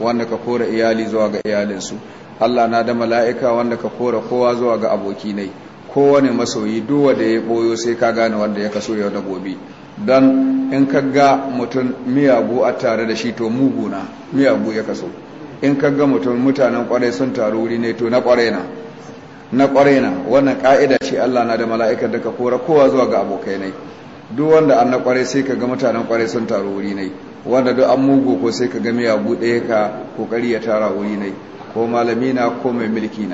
wanda ka kora iyali zuwa ga iyalinsu Allah na da mala'ika wanda ka kora kowa zuwa ga aboki ne kowane masoyi duwa da ya boyo sai ka gane wanda ya kaso yau da gobe don in ka ga mutum miyagu a tare da shi to mugu na miyagu ya kaso in ka ga mutum mutanen kwarai sun taru wuri ne to na kwarai na na kwarai na wannan ka'ida ce Allah na da mala'ika da ka kora kowa zuwa ga abokai ne duk wanda an na kwarai sai ka ga mutanen kwarai sun taru wuri ne wanda duk an mugu ko sai ka ga ya buɗe ka kokari ya tara wuri ne ko malami na ko mai mulki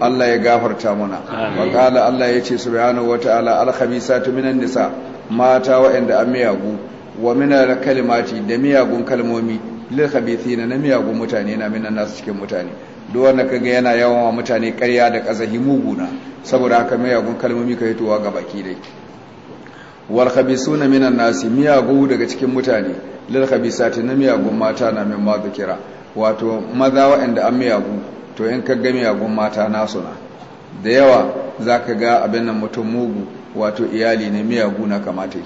Allah ya gafarta muna wakala Allah ya ce subhanahu wataala alkhamisatu minan nisa mata wa'anda an miyagu wa minar kalimati da miyagun kalmomi lil khabithina na miyagun mutane na minan nasu cikin mutane duk wanda kaga yana yawan wa mutane karya da kazahi muguna saboda haka miyagun kalmomi ka hitowa ga baki dai wal khabisuna minan nasi miyagu daga cikin mutane lil khabisati na miyagun mata na min ma zikira wato maza waɗanda an miyagu to in ka ga miyagun mata nasu na da yawa za ka ga abin nan mutum mugu wato iyali ne miyagu na kamata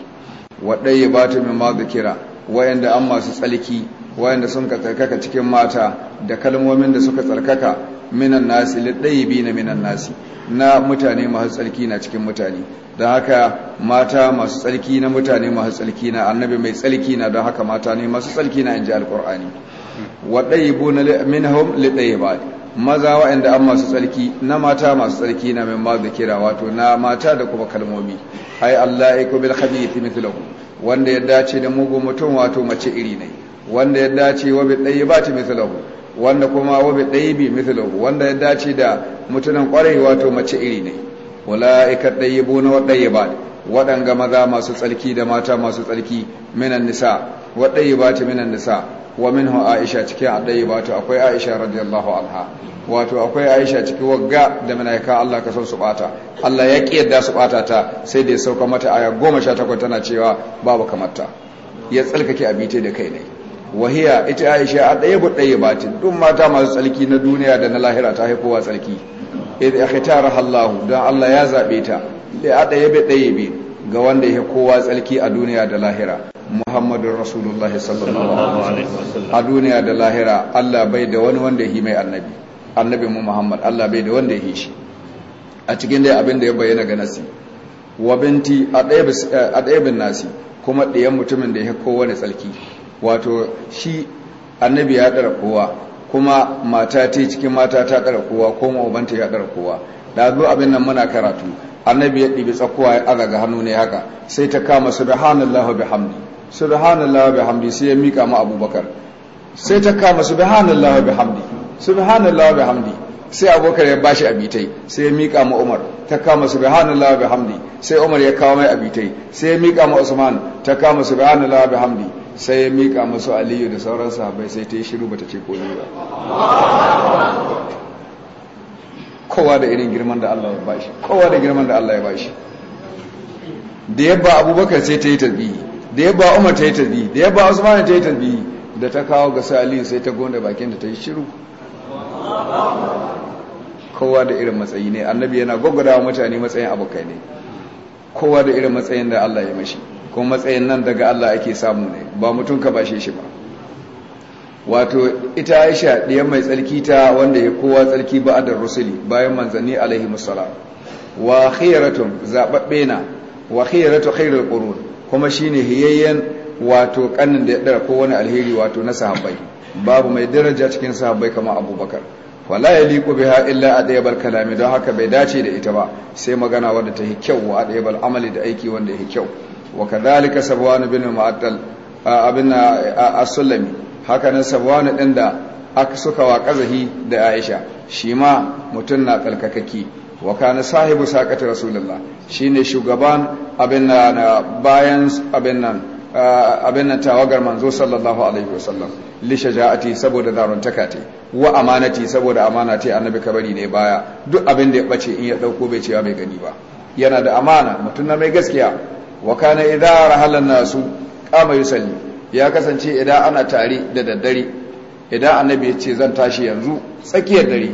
waɗai ya bata min ma zikira waɗanda an masu tsalki waɗanda sun ka tsarkaka cikin mata da kalmomin da suka tsarkaka minan nasi bi na minan nasi na mutane masu tsarki na cikin mutane don haka mata masu tsarki na mutane masu tsarki na annabi mai tsarki na don haka mata ne masu tsarki na inji alkur'ani bu na minhum ba maza wa'anda an masu tsarki na mata masu tsarki na min mazu kira wato na mata da kuma kalmomi ai allah ya kubil khabith mithlahu wanda ya dace da mugun mutum wato mace iri ne wanda ya dace wa bi ɗayibati mithlahu wanda kuma wabi ɗayibi mithluhu wanda ya dace da mutunan ƙwarai wato mace iri ne Wala wala'ika ɗayibu na ba. waɗanga maza masu tsarki da mata masu tsarki minan nisa ba ta minan nisa wa minhu aisha cikin ba ta akwai aisha radiyallahu anha wato akwai aisha cikin wagga da malaika Allah ka son su bata Allah ya kiyarda su bata ta sai da ya sauka mata aya 18 tana cewa babu kamar ta ya tsalkake abite da kai ne wahiya ita aisha a ɗaya ba ɗaya batin duk mata masu tsarki na duniya da na lahira ta haifowa tsarki idan ya hitara hallahu don allah ya zaɓe ta da a ɗaya bi ɗaya bi ga wanda ya kowa tsarki a duniya da lahira muhammadun rasulullahi sallallahu alaihi wasallam a duniya da lahira allah bai da wani wanda yi mai annabi annabi mu muhammad allah bai da wanda ya yi shi a cikin dai abin da ya bayyana ga nasi wa binti a ɗaya bin nasi kuma ɗayan mutumin da ya kowane tsarki wato shi annabi ya ɗara kowa kuma mata ta cikin mata ta ɗara kowa ko ma'ubanta ya ɗara kowa da zo abin nan muna karatu annabi ya ɗibi tsakowa ya aza ga hannu ne haka sai ta kama subhanallahu bihamdi subhanallahu bihamdi sai ya mika ma abubakar sai ta kama subhanallahu bihamdi subhanallahu bihamdi sai abubakar ya bashi abitai sai ya mika ma umar ta kama subhanallahu bihamdi sai umar ya kawo mai abitai sai ya mika ma usman ta kama subhanallahu bihamdi sai ya mika masu aliyu da sauran sahabai sai ta yi shiru ba ta ce koli ba kowa da irin girman da Allah ya bashi kowa da girman da Allah ya bashi da yabba abubakar sai ta yi tabi da yabba umar ta yi tabi da yabba usman ta yi tabi da ta kawo ga sai aliyu sai ta gonda bakin da ta yi shiru kowa da irin matsayi ne annabi yana gwaggwada mutane matsayin abokai ne kowa da irin matsayin da Allah ya mashi kuma matsayin nan daga Allah ake samu ne ba mutum ka bashe shi ba wato ita aisha ɗiyan mai tsarki ta wanda ya kowa tsarki ba adar rusuli bayan manzanni alaihi musala wa khairatun zaɓaɓɓe na wa khairatu khairul qurun kuma shine hiyayyen wato kannin da ya dara wani alheri wato na sahabbai babu mai daraja cikin sahabbai kamar abubakar wala ya liku biha illa adaybal kalami don haka bai dace da ita ba sai magana wanda ta yi kyau wa adaybal amali da aiki wanda ya yi kyau wa kadalika sabwan bin mu'attal abin as-sulami haka nan ɗin din da aka suka wa kazahi da Aisha shi ma mutun na kalkakaki wa kana sahibu saqati rasulullah shine shugaban abin na bayan abin nan abin nan tawagar manzo sallallahu alaihi wasallam li shaja'ati saboda zaruntaka wa amanati saboda amana te annabi kabari ne baya duk abin da ya bace in ya dauko bai cewa bai gani ba yana da amana mutum na mai gaskiya wa kana idza rahalan nasu qama yusalli ya kasance idan ana tare da daddare idan annabi ya ce zan tashi yanzu tsakiyar dare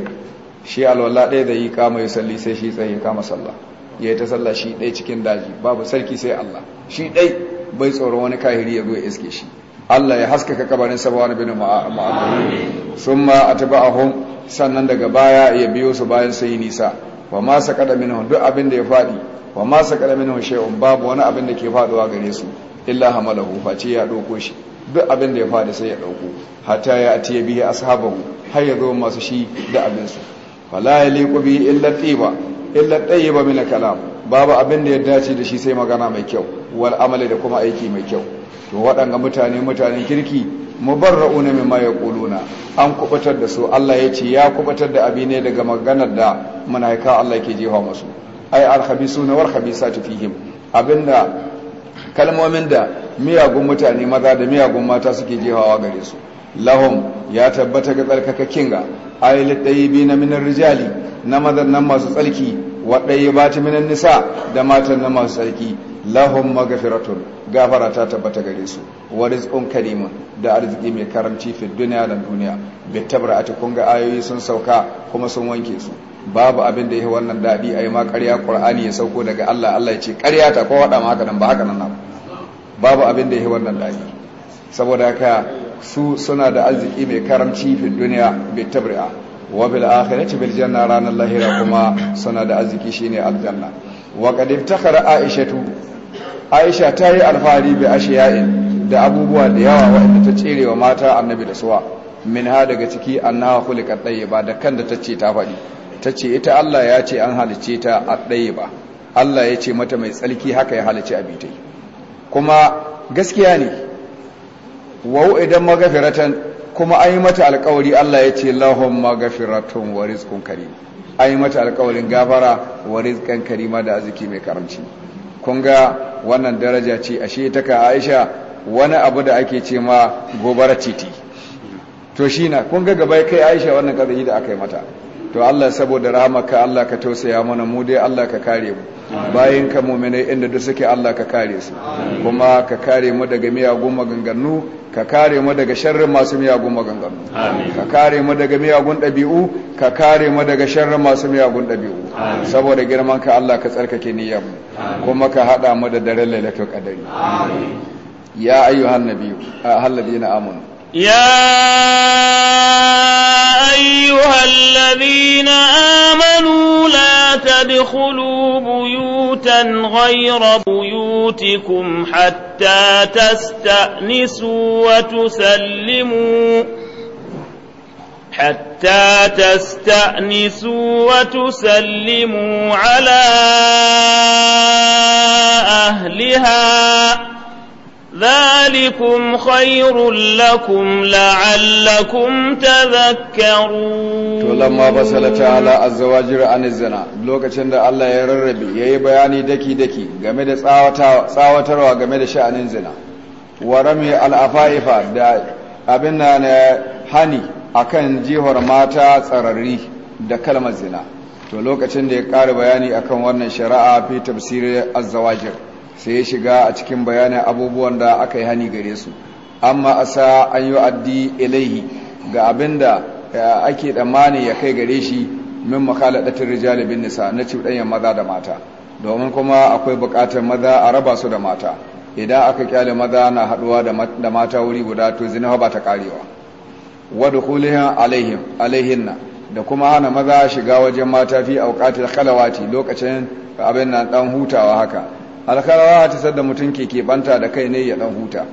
shi alwala ɗaya da yi kama yusalli sai shi tsaye kama sallah ya yi ta sallah shi ɗai cikin daji babu sarki sai Allah shi ɗai bai tsoron wani kahiri ya zo ya iske shi Allah ya haskaka kabarin sabawa na binin ma'amari sun ma a taba sannan daga baya ya biyo su bayan sun nisa ba ma sa kada min duk abin da ya faɗi wa ma sakala minhu babu wani abin da ke faduwa gare su illa hamalahu face ya dauko shi duk abin da ya faɗi sai ya dauko hatta ya atiya bihi ashabahu har ya zo masu shi da abin su fala yaliqu bi illa tiba illa tayyiba min kalam babu abin da ya dace da shi sai magana mai kyau wal amali da kuma aiki mai kyau to waɗanga mutane mutanen kirki mubarra'una mimma yaquluna an kubatar da su Allah ya ce ya kubatar da abi ne daga maganar da munaika Allah ke jefa masu ai na wal ta fihim abinda kalmomin da miyagun mutane maza da miyagun mata suke jihawa gare su lahum ya tabbata ga tsarkakakin ga ai ladayibi na minar rijali na mazan nan masu tsarki wa ta minan nisa da matan nan masu tsarki lahum magfiratun gafara ta tabbata gare su wa rizqun karimun da arziki mai karamci fi duniya da duniya bi a kun ga ayoyi sun sauka kuma sun wanke su babu abin da ya wannan daɗi a yi ma ƙarya ƙur'ani ya sauko daga Allah Allah ya ce ƙarya ta ko waɗa haka nan ba haka nan nan babu abin da ya wannan daɗi saboda haka su suna da arziki mai karamci fi duniya bi tabri'a wa bil akhirati bil janna ranar lahira kuma suna da arziki shine aljanna wa qad iftakhara aishatu aisha ta yi alfahari bi ashiya'in da abubuwa da yawa waɗanda ta tsere wa mata annabi da suwa min ha daga ciki annaha khuliqat tayyiba da kan da tace ta faɗi ta ce ita Allah ya ce an halice ta a ɗaya ba Allah ya ce mata mai tsarki haka ya halice bitai kuma gaskiya ne wau idan magafiratan kuma an yi mata alkawari Allah ya ce lahon magafiratun wa rizkun an yi mata alkawarin gafara wa rizkan ma da arziki mai karamci kun ga wannan daraja ce a shi ta ka aisha wani abu da ake ce ma gobara titi to shi na kun ga gaba kai aisha wannan kazani da aka yi mata to Allah saboda rahamaka Allah ka tausaya mana mu dai Allah ka kare mu bayan ka mu'minai inda duk suke Allah ka kare su kuma ka kare mu daga miyagun maganganu ka kare mu daga sharrin masu miyagun maganganu ka kare mu daga miyagun ɗabi'u ka kare mu daga sharrin masu miyagun ɗabi'u saboda girman ka Allah ka tsarkake niyyar mu kuma ka hada mu da daren lailatul qadari ya ayyuhan nabiyyu ahalladina amanu يا أيها الذين آمنوا لا تدخلوا بيوتا غير بيوتكم حتى تستأنسوا وتسلموا حتى تستأنسوا وتسلموا على أهلها ذلكم خير لكم لعلكم تذكرون to lamma basala ta'ala azwajir an zina lokacin da Allah ya rarrabe yayi bayani daki daki game da tsawatarwa game da sha'anin zina wa rami al-afaifa da abin nan hani akan jihar mata tsararri da kalmar zina to lokacin da ya ƙara bayani akan wannan shari'a fi tafsirin azwajir sai ya shiga a cikin bayanin abubuwan da aka yi hani gare su amma asa an yi addi ilaihi ga abin da eh, ake damani ya kai gare shi min makalaɗatin rijali bin nisa na cuɗanyar maza da mata domin kuma akwai buƙatar maza a raba su da mata idan aka kyale maza na haɗuwa da mata wuri guda to zina ba ta ƙarewa wadda kulihin alaihinna da kuma hana maza shiga wajen mata fi auƙatar kalawati lokacin abin nan ɗan hutawa haka alkarawa ta da mutum ke keɓanta da kai ne ya ɗan huta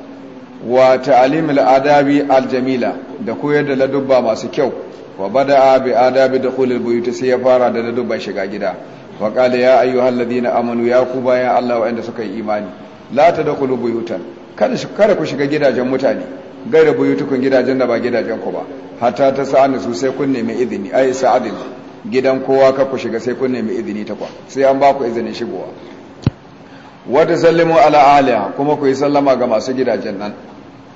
wa ta'alimul adabi aljamila da koyar da ladubba masu kyau wa bada'a bi adabi dukhulil buyuta sai ya fara da ladubban shiga gida wa qala ya ayyuhal ladina amanu ya ku bayan Allah wa'anda suka yi imani la tadkhulu buyutan kada kada ku shiga gidajen mutane gaira buyutukun gidajen da ba gidajen ku ba hatta ta sa'ani su sai kun nemi izini ai sa'adin gidan kowa ka ku shiga sai kun nemi izini ta kwa sai an ba ku izinin shigowa wata sallimu ala aliya kuma ku yi sallama ga masu gidajen nan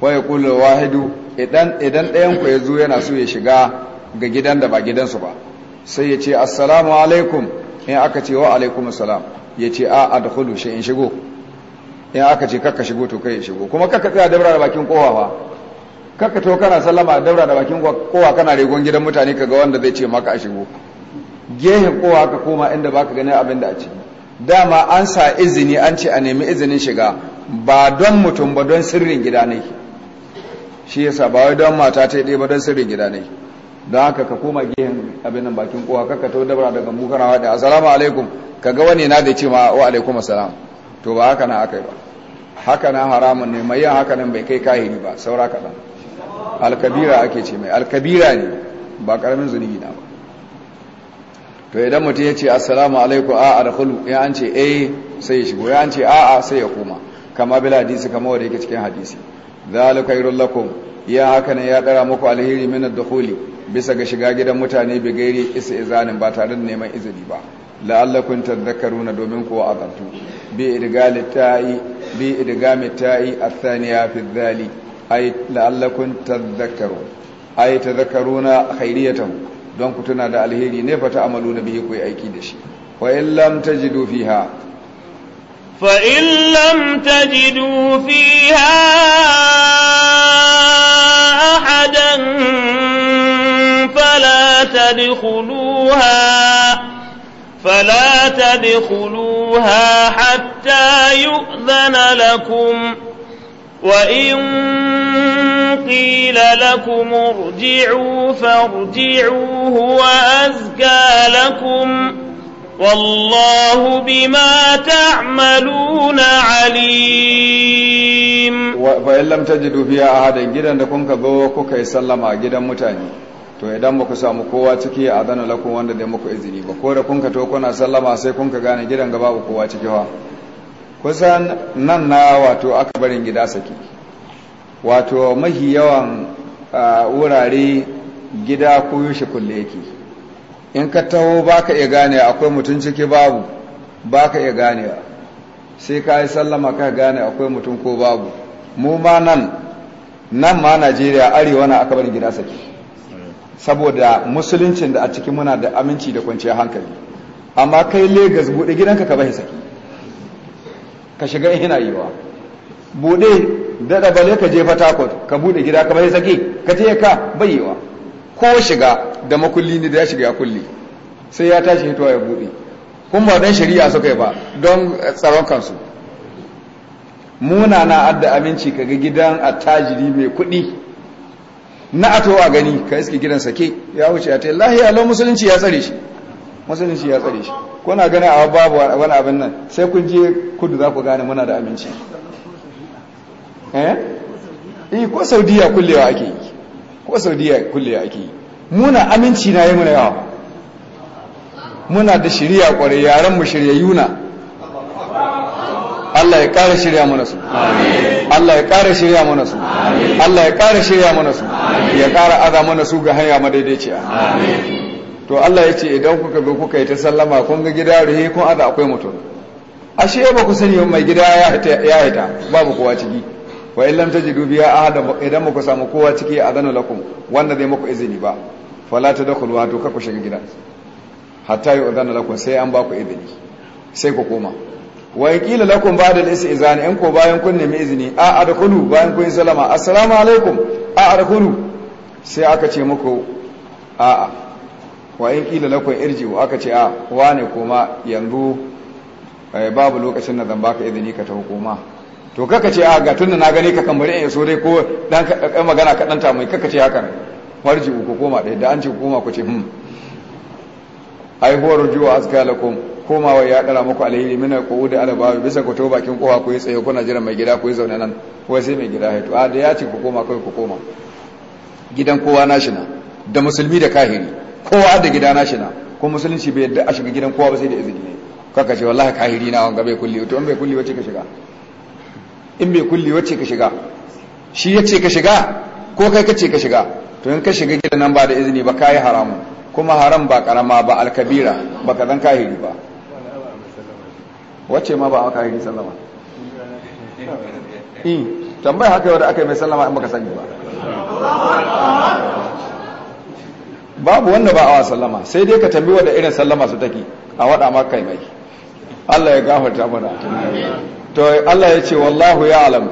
waye kullu wahidu idan idan ɗayan ku ya zo yana so ya shiga ga gidan da ba gidansu ba sai ya ce assalamu alaikum in aka ce wa alaikum assalam ya ce a adkhulu shi in shigo in aka ce kakka shigo to kai ya shigo kuma kakka tsaya dabra da bakin kowa ba kakka to kana sallama dabra da bakin kowa kana regon gidan mutane kaga wanda zai ce maka a shigo Gehe kowa ka koma inda baka gani abin da a ciki dama an sa izini an ce a nemi izinin shiga ba don mutum ba don sirrin gida ne shi yasa ba wai don mata ta ɗaya ba don sirrin gida ne don haka ka koma gihin abin nan bakin kowa kaka to dabara daga mukana wada assalamu alaikum ka ga wani na da ce ma wa alaikum assalam to ba haka na aka yi ba haka na haramun ne mai yin haka nan bai kai kahiri ba saura kaɗan alkabira ake ce mai alkabira ne ba ƙaramin zunubi na ba to idan mutum ya ce assalamu alaikum a adkhulu ya an ce eh sai ya shigo ya an ce a'a sai ya koma kama bil hadisi kama wanda yake cikin hadisi zalika khairul lakum ya haka ne ya dara muku alheri min ad-dukhuli bisa ga shiga gidan mutane bi gairi izanin ba tare da neman izini ba la'allakum tadhakkaruna domin ku wa'azantu bi idgalit ta'i bi idgamit ta'i athaniya fi dhali ay la'allakum tadhakkarun ay tadhakkaruna khairiyatahu don ku tuna da alheri ne fa ta'maluna bihi ku aiki da shi fa in lam tajidu fiha fa in lam tajidu fiha ahadan fala tadkhuluha فلا تدخلوها حتى يؤذن لكم وإن قيل لكم ارجعوا فارجعوا هو أزكى لكم والله بما تعملون عليم فإن لم تجدوا فيها أحدا جدا لكم كذو كي سلم جدا متاني to idan muku samu kowa ciki a zana lakon wanda da muku izini ba ko da kunka to kuna sallama sai kunka gane gidan gaba ku kowa ciki wa kusan nan na wato aka barin gida saki wato mahi yawan wurare gida ko yushe kulle yake in ka taho ba ka iya gane akwai mutum ciki babu ba ka iya gane sai ka yi sallama ka gane akwai mutum ko babu mu ma nan nan ma najeriya arewa na aka bari gida sake saboda musuluncin da a cikin muna da aminci da kwanciyar hankali amma kai Legas buɗe gidanka ka bai sake ka shiga yana yiwa bude daɗa ne ka je fatakot ka bude gida ka bai sake ka je ka bayyawa ko shiga da makulli ne da ya shiga ya kulli sai ya tashi hitowa ya bude kun ba don shari'a suka yi ba don tsaron kansu munana na adda aminci kaga gidan attajiri mai kuɗi na ato a gani ka iske gidan sake ya wuce ya tayi lahiya lo musulunci ya tsare shi musulunci ya tsare shi kuna gani a babu wani abin nan sai kun je kudu za ku gane muna da aminci Eh? eh ko saudiya kullewa ake yi ko saudiya kullewa ake yi muna aminci na yi muna yawa muna da shirya kwarai yaren mu shirya yuna Allah ya kara shirya mana su Allah ya kara shirya mana su Allah ya kara shirya mana su ya kara aza mana su ga hanya madaidaiciya to Allah ya ce idan kuka zo kuka yi ta sallama kun ga gida rihe kun aza akwai mutum ashe ba ku sani mai gida ya haita babu kowa ciki wa illam tajidu biya ahada idan muku samu kowa ciki zanu lakum wanda zai muku izini ba fala tadkhulu wa to ku shiga gidan hatta zanu lakum sai an ba ku izini sai ku koma wa yaqila lakum ba'da al-istizan in ko bayan kun nemi izini a adkhulu bayan kun salama assalamu alaikum a adkhulu sai aka ce muku a wa in qila lakum irji'u aka ce a wane koma yanzu eh, babu lokacin da zan baka izini ka tafi koma to kaka ce a ah, ga tunda na gane ka kambari in so dai ko dan kan magana ka dan ta mai kaka ce haka farji ku koma dai da an ce koma ku ce hmm ai huwa rujuwa azka lakum komawa ya dara muku alheri mina qu'udi ala babu bisa ku to bakin kowa ku yi tsaye na jiran mai gida ku yi zaune nan ko sai mai gida ya to a da ya ce ku koma kai ku koma gidan kowa nashi na da musulmi da kahiri kowa da gida nashi na ko musulunci bai yadda a shiga gidan kowa ba sai da izini ne kaka ce wallahi kahiri na wanga bai kulli to an bai kulli wace ka shiga in bai kulli wacce ka shiga shi ya ce ka shiga ko kai ka ce ka shiga to in ka shiga gidan nan ba da izini ba kayi haramu kuma haram ba karama ba alkabira ba ka zan kahiri ba wacce ma ba a kahiri sallama eh tambayi haka yau da aka yi mai sallama in baka sani ba babu wanda ba a wa sallama sai dai ka tambi wanda irin sallama su take a wada maka kai mai Allah ya gafarta mana to Allah ya ce wallahu alam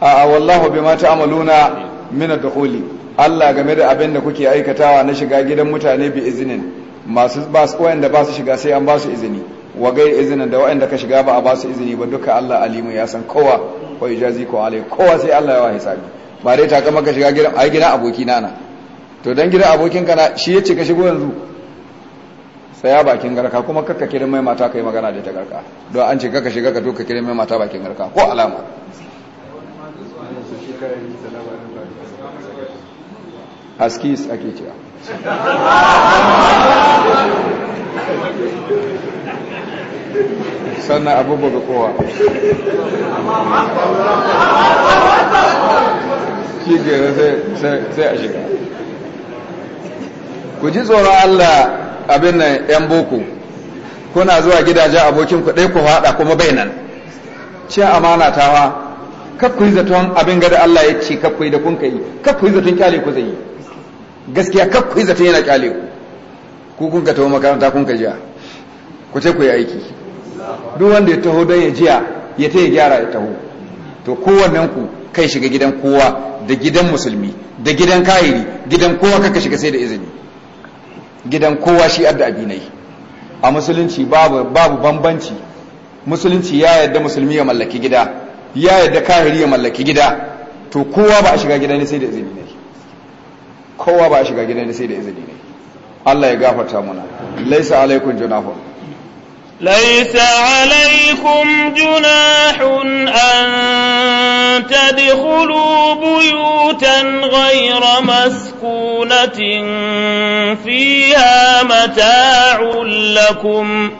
a wallahu bima ta'amaluna min ad-dukhuli Allah game da abin da kuke aikatawa na shiga gidan mutane bi izinin masu ba su wayanda ba su shiga sai an ba su izini wa gai izinin da wayanda ka shiga ba a ba su izini ba duka Allah alimu ya san kowa wa ijazi ko alai kowa sai Allah ya wa hisabi ba dai ta kama ka shiga gidan ai gidan aboki na na to dan gidan abokin ka na shi yace ka shigo yanzu saya bakin garka kuma kakka kira mai mata kai magana da ta garka don an ce kakka shiga ka to ka kira mai mata bakin garka ko alama askis ake cewa sannan abubuwa ga kowa shi gina sai a shiga ku ji tsoron allah abin nan yan boko kuna zuwa gidajen abokin ku ɗai ku haɗa kuma bai nan ce amana ta wa kakku yi zaton abin gada Allah ya ce kakku yi da kun kai kakku yi zaton kyale ku zai yi gaskiya kakku yi zaton yana kyale ku kun ka taho makaranta kun ka jiya ku ce ku yi aiki duk wanda ya taho don ya jiya ya ta ya gyara ya taho to kowannen ku kai shiga gidan kowa da gidan musulmi da gidan kayiri gidan kowa kaka shiga sai da izini gidan kowa shi adda abinai a musulunci babu babu bambanci musulunci ya yadda musulmi ya mallaki gida ya yadda kahiri ya mallaki gida to kowa ba a shiga gida ne sai da izini ne kowa ba a shiga gida ne sai da izini ne Allah ya gafarta muna laisa alaikum junahun ليس عليكم جناح أن تدخلوا بيوتا غير مسكونة فيها متاع لكم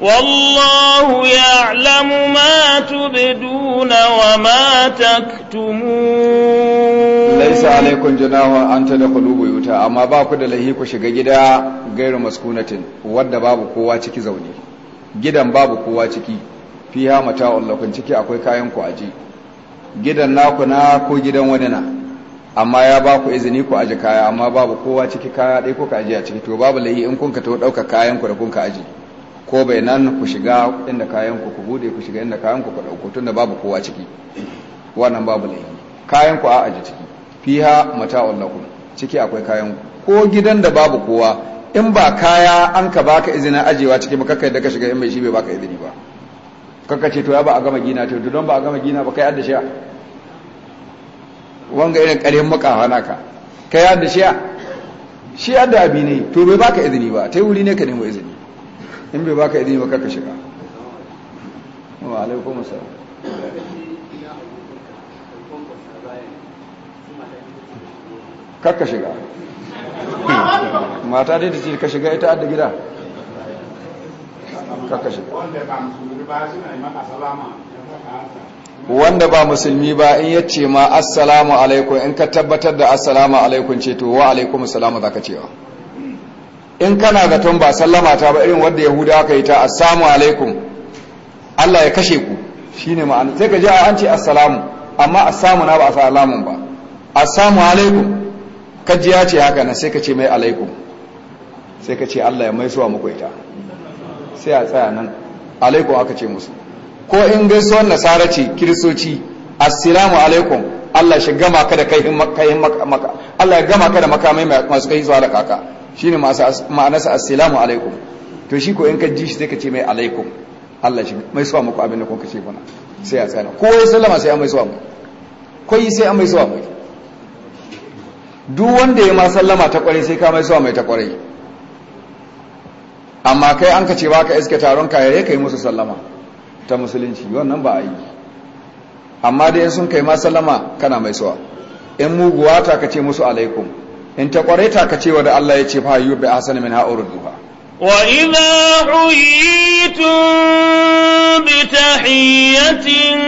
والله يعلم ما تبدون وما تكتمون ليس عليكم جناح أن تدخلوا بيوتا أما باكو دلهيكو شغا جدا غير مسكونة ود بابو قوة تكي زوني gidan babu kowa ciki fiha mata lakum ciki akwai kayan ku aje gidan naku na ko gidan wani na amma ya ba ku izini ku aje kaya amma babu kowa ciki kaya dai kuka aje a ciki to babu lahi in kun ka to dauka kayan ku da kun ka aje ko bai nan ku shiga inda kayan ku ku bude ku shiga inda kayan ku ku dauko tunda babu kowa ciki wannan babu lahi kayan ku a aje ciki fiha mata lakum ciki akwai kayan ku ko gidan da babu kowa in ba kaya an ka baka izinin ajewa cikin ba kakka yadda ka shiga in mai shi bai baka izini ba kaka ce to ya ba a gama gina to don ba a gama gina ba kai adda shiya wanga irin ƙarfin makawa naka kai adda shiya shi adda abi ne to bai baka izini ba tai wuri ne ka nemo izini in bai baka izini ba kaka shiga wa alaikum assalam kaka shiga mata dai da ce ka shiga ita adda gida wanda ba musulmi ba in ya ce ma assalamu alaikun in ka tabbatar da assalamu alaikun ce to wa alaikun assalamu za ka cewa in kana zaton ba sallama ta ba irin wadda yahuda aka yi ta assalamu alaikun allah ya kashe ku shine ma'ana sai ka ji an ce assalamu amma assalamu na ba a salamun ba assalamu alaikun kaji ya ce haka na sai ka ce mai alaikum sai ka ce Allah ya mai suwa makwaita ita sai a tsaya nan alaikum aka ce musu ko in gaisuwar nasara ce kiristoci assalamu alaikum Allah shi gama ka da kai maka Allah ya gama ka da makamai masu kai zuwa da kaka shine ma'anasa assalamu alaikum to shi ko in ka ji shi sai ka ce mai alaikum Allah shi mai suwa maku abin da kuka ce kuna sai a tsaya ko ya sallama sai an mai suwa mu ko yi sai an mai suwa mu duk wanda ya ma sallama ta kwarai sai ka mai suwa mai ta kwarai amma kai an ka ce ba ka iske taron kayayyar ka yi musu sallama ta musulunci wannan ba a yi amma da sun kai ma sallama kana mai suwa in muguwa ta ka ce musu alaikum in ta kwarai ta ka ce wa da Allah ya ce fa yi bi asali min ha'urud duha wa idza huyitum bi tahiyatin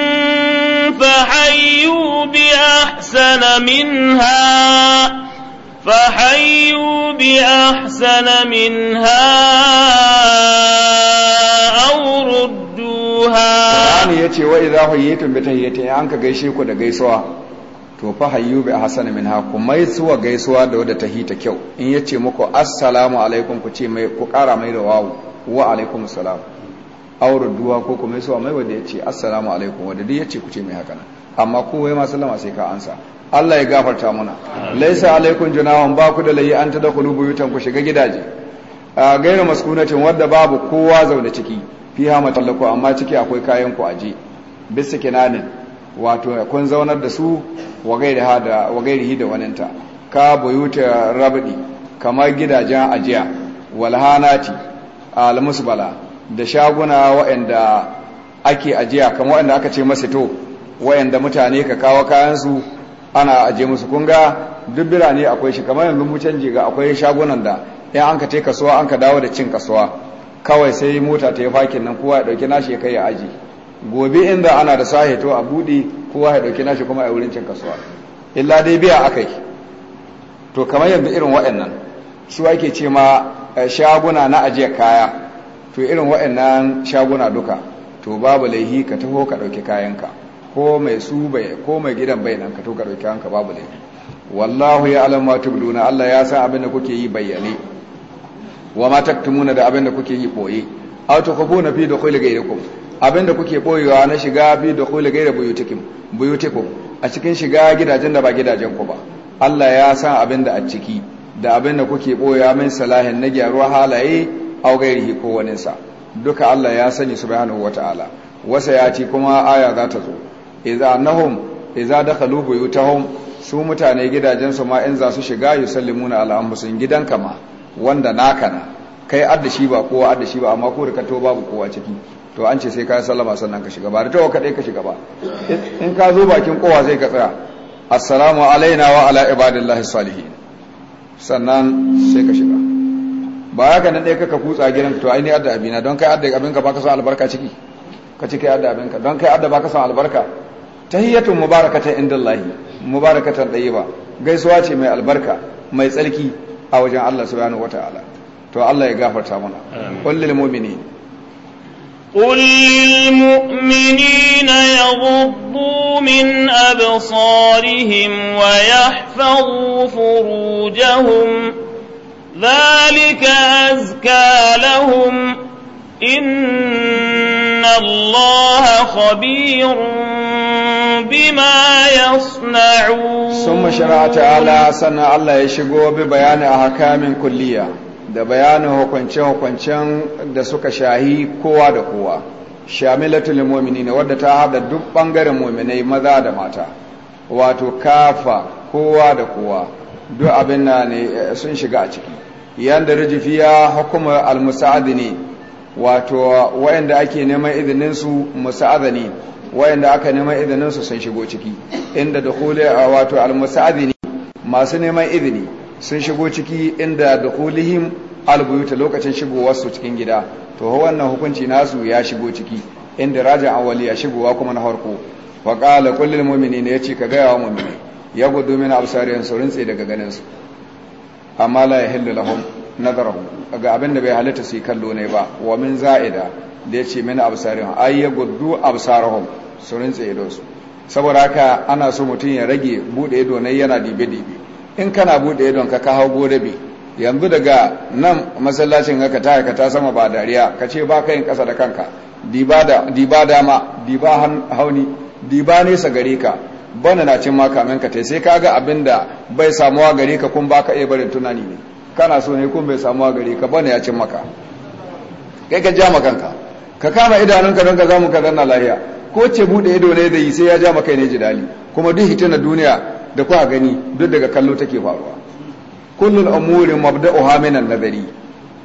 فحيوا بأحسن منها فحيوا بأحسن منها أو ردوها يعني يتي وإذا حييتم بتهيتي أنك غيشيكو دا قيسوا to fa hayyu bi ahsana minha ku mai suwa gaisuwa da wadda ta hita kyau in yace muku assalamu alaikum ku ce mai ku kara mai da wawu wa alaikum salam auren duwa ko kuma yasuwa mai wadda ya ce assalamu alaikum wadda duk ya ce ku ce mai haka amma kowa ya lama sai ka ansa Allah ya gafarta muna laisa alaikum junawan ba ku da layi an dakulu buyutan ku shiga gidaje a gairu maskunatin wadda babu kowa zaune ciki fiha matallaku amma ciki akwai kayan ku aje bisa kinanin wato kun zaunar da su wa da da waninta ka buyuta rabdi kamar gidajen ajiya walhanati almusbala da shaguna waɗanda ake ajiya kamar waɗanda aka ce masito waɗanda mutane ka kawo kayansu ana aje musu kunga duk birane akwai shi kamar yanzu mu canji ga akwai shagunan da in an ka te kasuwa an ka dawo da cin kasuwa kawai sai mota ta yi fakin nan kowa ya ɗauki nashi ya kai ya aji gobe inda ana da sahi to a buɗe kowa ya ɗauki nashi kuma a wurin cin kasuwa illa dai biya aka yi to kamar yanzu irin waɗannan su ake ce ma eh, shaguna na ajiyar kaya to irin waɗannan shaguna duka to babu laihi ka taho ka ɗauki kayanka ko mai su bai ko mai gidan bai nan ka taho ka ɗauki kayanka babu laihi wallahu ya alam ma tubduna Allah ya san abin da kuke yi bayyane wa ma taktumuna da abin da kuke yi boye aw tukhfuna fi dukhuli ghayrikum abin da kuke boyewa na shiga fi dukhuli ghayri buyutikum buyutikum a cikin shiga gidajen da ba gidajen ku ba Allah ya san abin da a ciki da abin da kuke boyewa min salahin na gyaruwa halaye aw ko waninsa duka Allah ya sani subhanahu ta’ala wasa ya ci kuma aya za ta zo idza nahum idza dakhalu buyutahum su mutane gidajensu ma in za su shiga yusallimuna ala anfusihim gidanka ma wanda naka na kai addashi ba kowa addashi ba amma ko ka to babu kowa ciki to an ce sai ka sallama sannan ka shiga ba da tawa kadai ka shiga ba in ka zo bakin kowa zai ka tsaya assalamu alaina wa ala ibadillahi salihin sannan sai ka shiga ba haka nan ɗaya kaka kutsa gidan to ai ni adda abina don kai adda abinka baka son albarka ciki ka ci kai adda abinka don kai adda baka son albarka tahiyatun mubarakatan indallahi mubarakatan ba gaisuwa ce mai albarka mai tsarki a wajen Allah subhanahu wataala to Allah ya gafarta mana qul lil mu'minin قل للمؤمنين يغضوا من أبصارهم ويحفظوا فروجهم ذلك أزكى لهم إن الله خبير بما يصنعون ثم شرع تعالى سنة الله يشغو ببيان أحكام كلية da bayanin hukunce-hukuncen da suka shahi kowa da kowa shamilatul mu'minina wadda ta hada duk bangaren mu'minai maza da mata wato kafa kowa da kowa duk abin na ne sun shiga a ciki yanda ya hukuma al wato wayanda ake neman izinin su ne, wayanda aka neman izinin su sun shigo ciki inda dukhuli wato al masu neman izini sun shigo ciki inda dukhulihim al-buyut lokacin shigowa su cikin gida to wannan hukunci nasu ya shigo ciki inda raja awali ya shigowa kuma na harko wa qala kullil mu'minina yace ka ga yawa mu'mini ya gudu min absariyan su rintse daga ganin su amma la hillu lahum nadarahum ga abin da bai halitta su kallo ne ba wa min za'ida da yace min ai ay yaguddu absarahum su rintse ido su saboda haka ana so mutum ya rage bude ido ne yana dibe dibe in kana bude idon ka ka hau bi yanzu daga nan masallacin haka ta ka ta sama ba dariya ka ce ba kai kasa da kanka diba dama diba hauni diba nesa gare ka bana na cin maka ka tai sai ga abin da bai samuwa gare ka kun baka iya barin tunani ne kana so ne kun bai samuwa gare ka bana ya cin maka kai ka ja makanka ka kama idanunka don ka zamu ka zanna lahiya ko ce bude ido ne da yi sai ya ja maka ne ji dali kuma duk hitinar duniya da kuka gani duk daga kallo take faruwa kullul umuri mabda'uha min an-nazari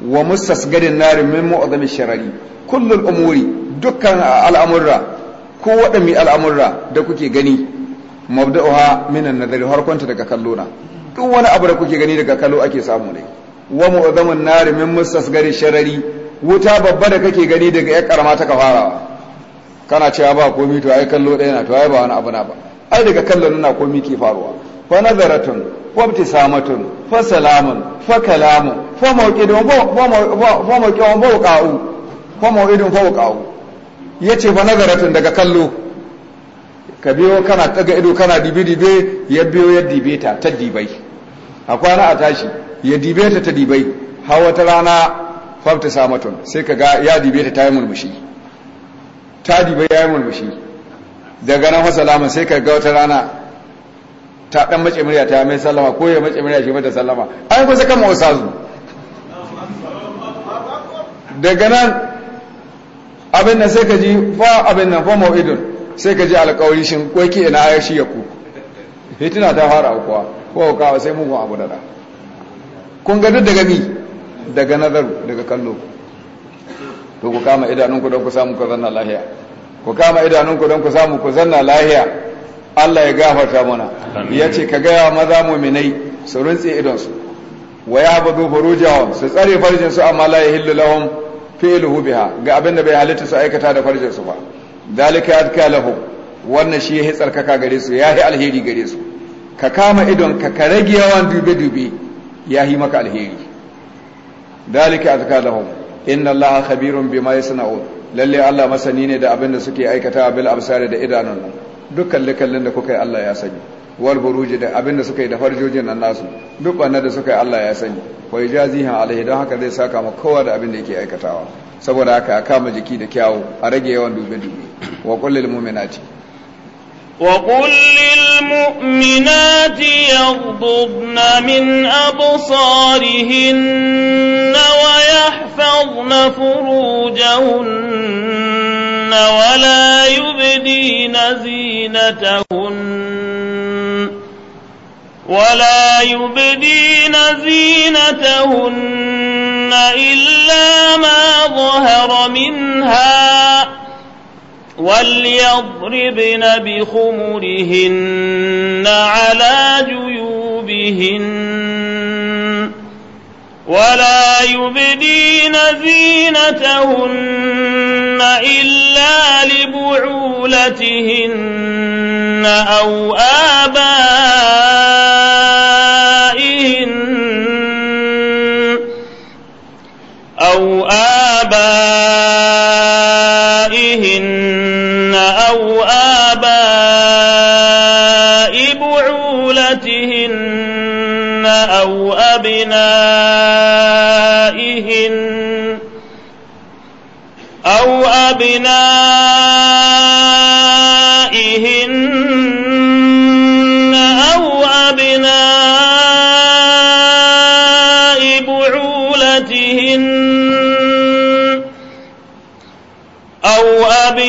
wa mustasgadin nari min mu'azami sharari kullul umuri dukkan al'amurra ko wadami al'amurra da kuke gani mabda'uha minan har kwanta daga kallo na duk wani abu da kuke gani daga kallo ake samu ne wa mu'azzamun nari min mustasgari sharari wuta babba da kake gani daga yar karama ta kafarawa kana cewa ba komi to ai kallo ɗaya na to ai ba wani abu na ba ai daga kallo nuna komi ke faruwa fa nazaratun fa ibtisamatun fa salamun fa kalamun fa mawqidun fa mawqidun fa wuqa'u fa mawqidun fa wuqa'u yace fa nazaratun daga kallo ka biyo kana daga ido kana dibe-dibe ya biyo ya dibe ta ta dibai a kwana a tashi ya dibe ta ta dibai har wata rana fafta samatun sai ka ga ya dibe ta ta yi murmushi ta dibai ya yi murmushi daga nan alama sai ka ga wata rana ta dan mace murya ta mai sallama ko ya mace murya shi mata sallama an kusa kama wasu sazu daga nan abin nan sai ka ji fa abin nan fa mau'idun sai ka ji alkawari shin kwaki ina ya shi ya ku fitina ta fara kuwa ko kawa sai mugun abu da kun ga duk daga mi daga nazaru daga kallo to ku kama idanunku don ku samu ku zanna lahiya ku kama ku don ku samu ku zanna lahiya Allah ya gafarta mana ya ce ka gaya maza muminai su rintse su wa ya bazu furujahum su tsare farjinsu amma la hillu lahum fi'luhu biha ga abin da bai halitta su aikata da farjinsu ba dalika adka lahum wannan shi yayi tsarkaka gare su yi alheri gare su ka kama idon ka ka rage yawan dube dube yayi maka alheri dalika adka lahum inna allaha khabirun bima yasna'un lalle Allah masani ne da abin da suke aikata bil absari da idanun nan dukkan lakallin da kuka yi Allah ya sani wal buruji da abin da suka yi da farjojin nan nasu duk da suka yi Allah ya sani wa yajazihan alaihi don haka zai saka maka kowa da abin da yake aikatawa saboda haka a kama jiki da kyawu a rage yawan dube-dube wa kullil mu'minati wa kullil mu'minati yaghdudna min absarihinna wa yahfazna furujahunna wa la yubdina zinatahunna ولا يبدين زينتهن إلا ما ظهر منها وليضربن بخمرهن على جيوبهن ولا يبدين زينتهن إلا لبعولتهن أو آبائهن أو آبائهن أو آباء بعولتهن أو أبنائهن أو أبنائهن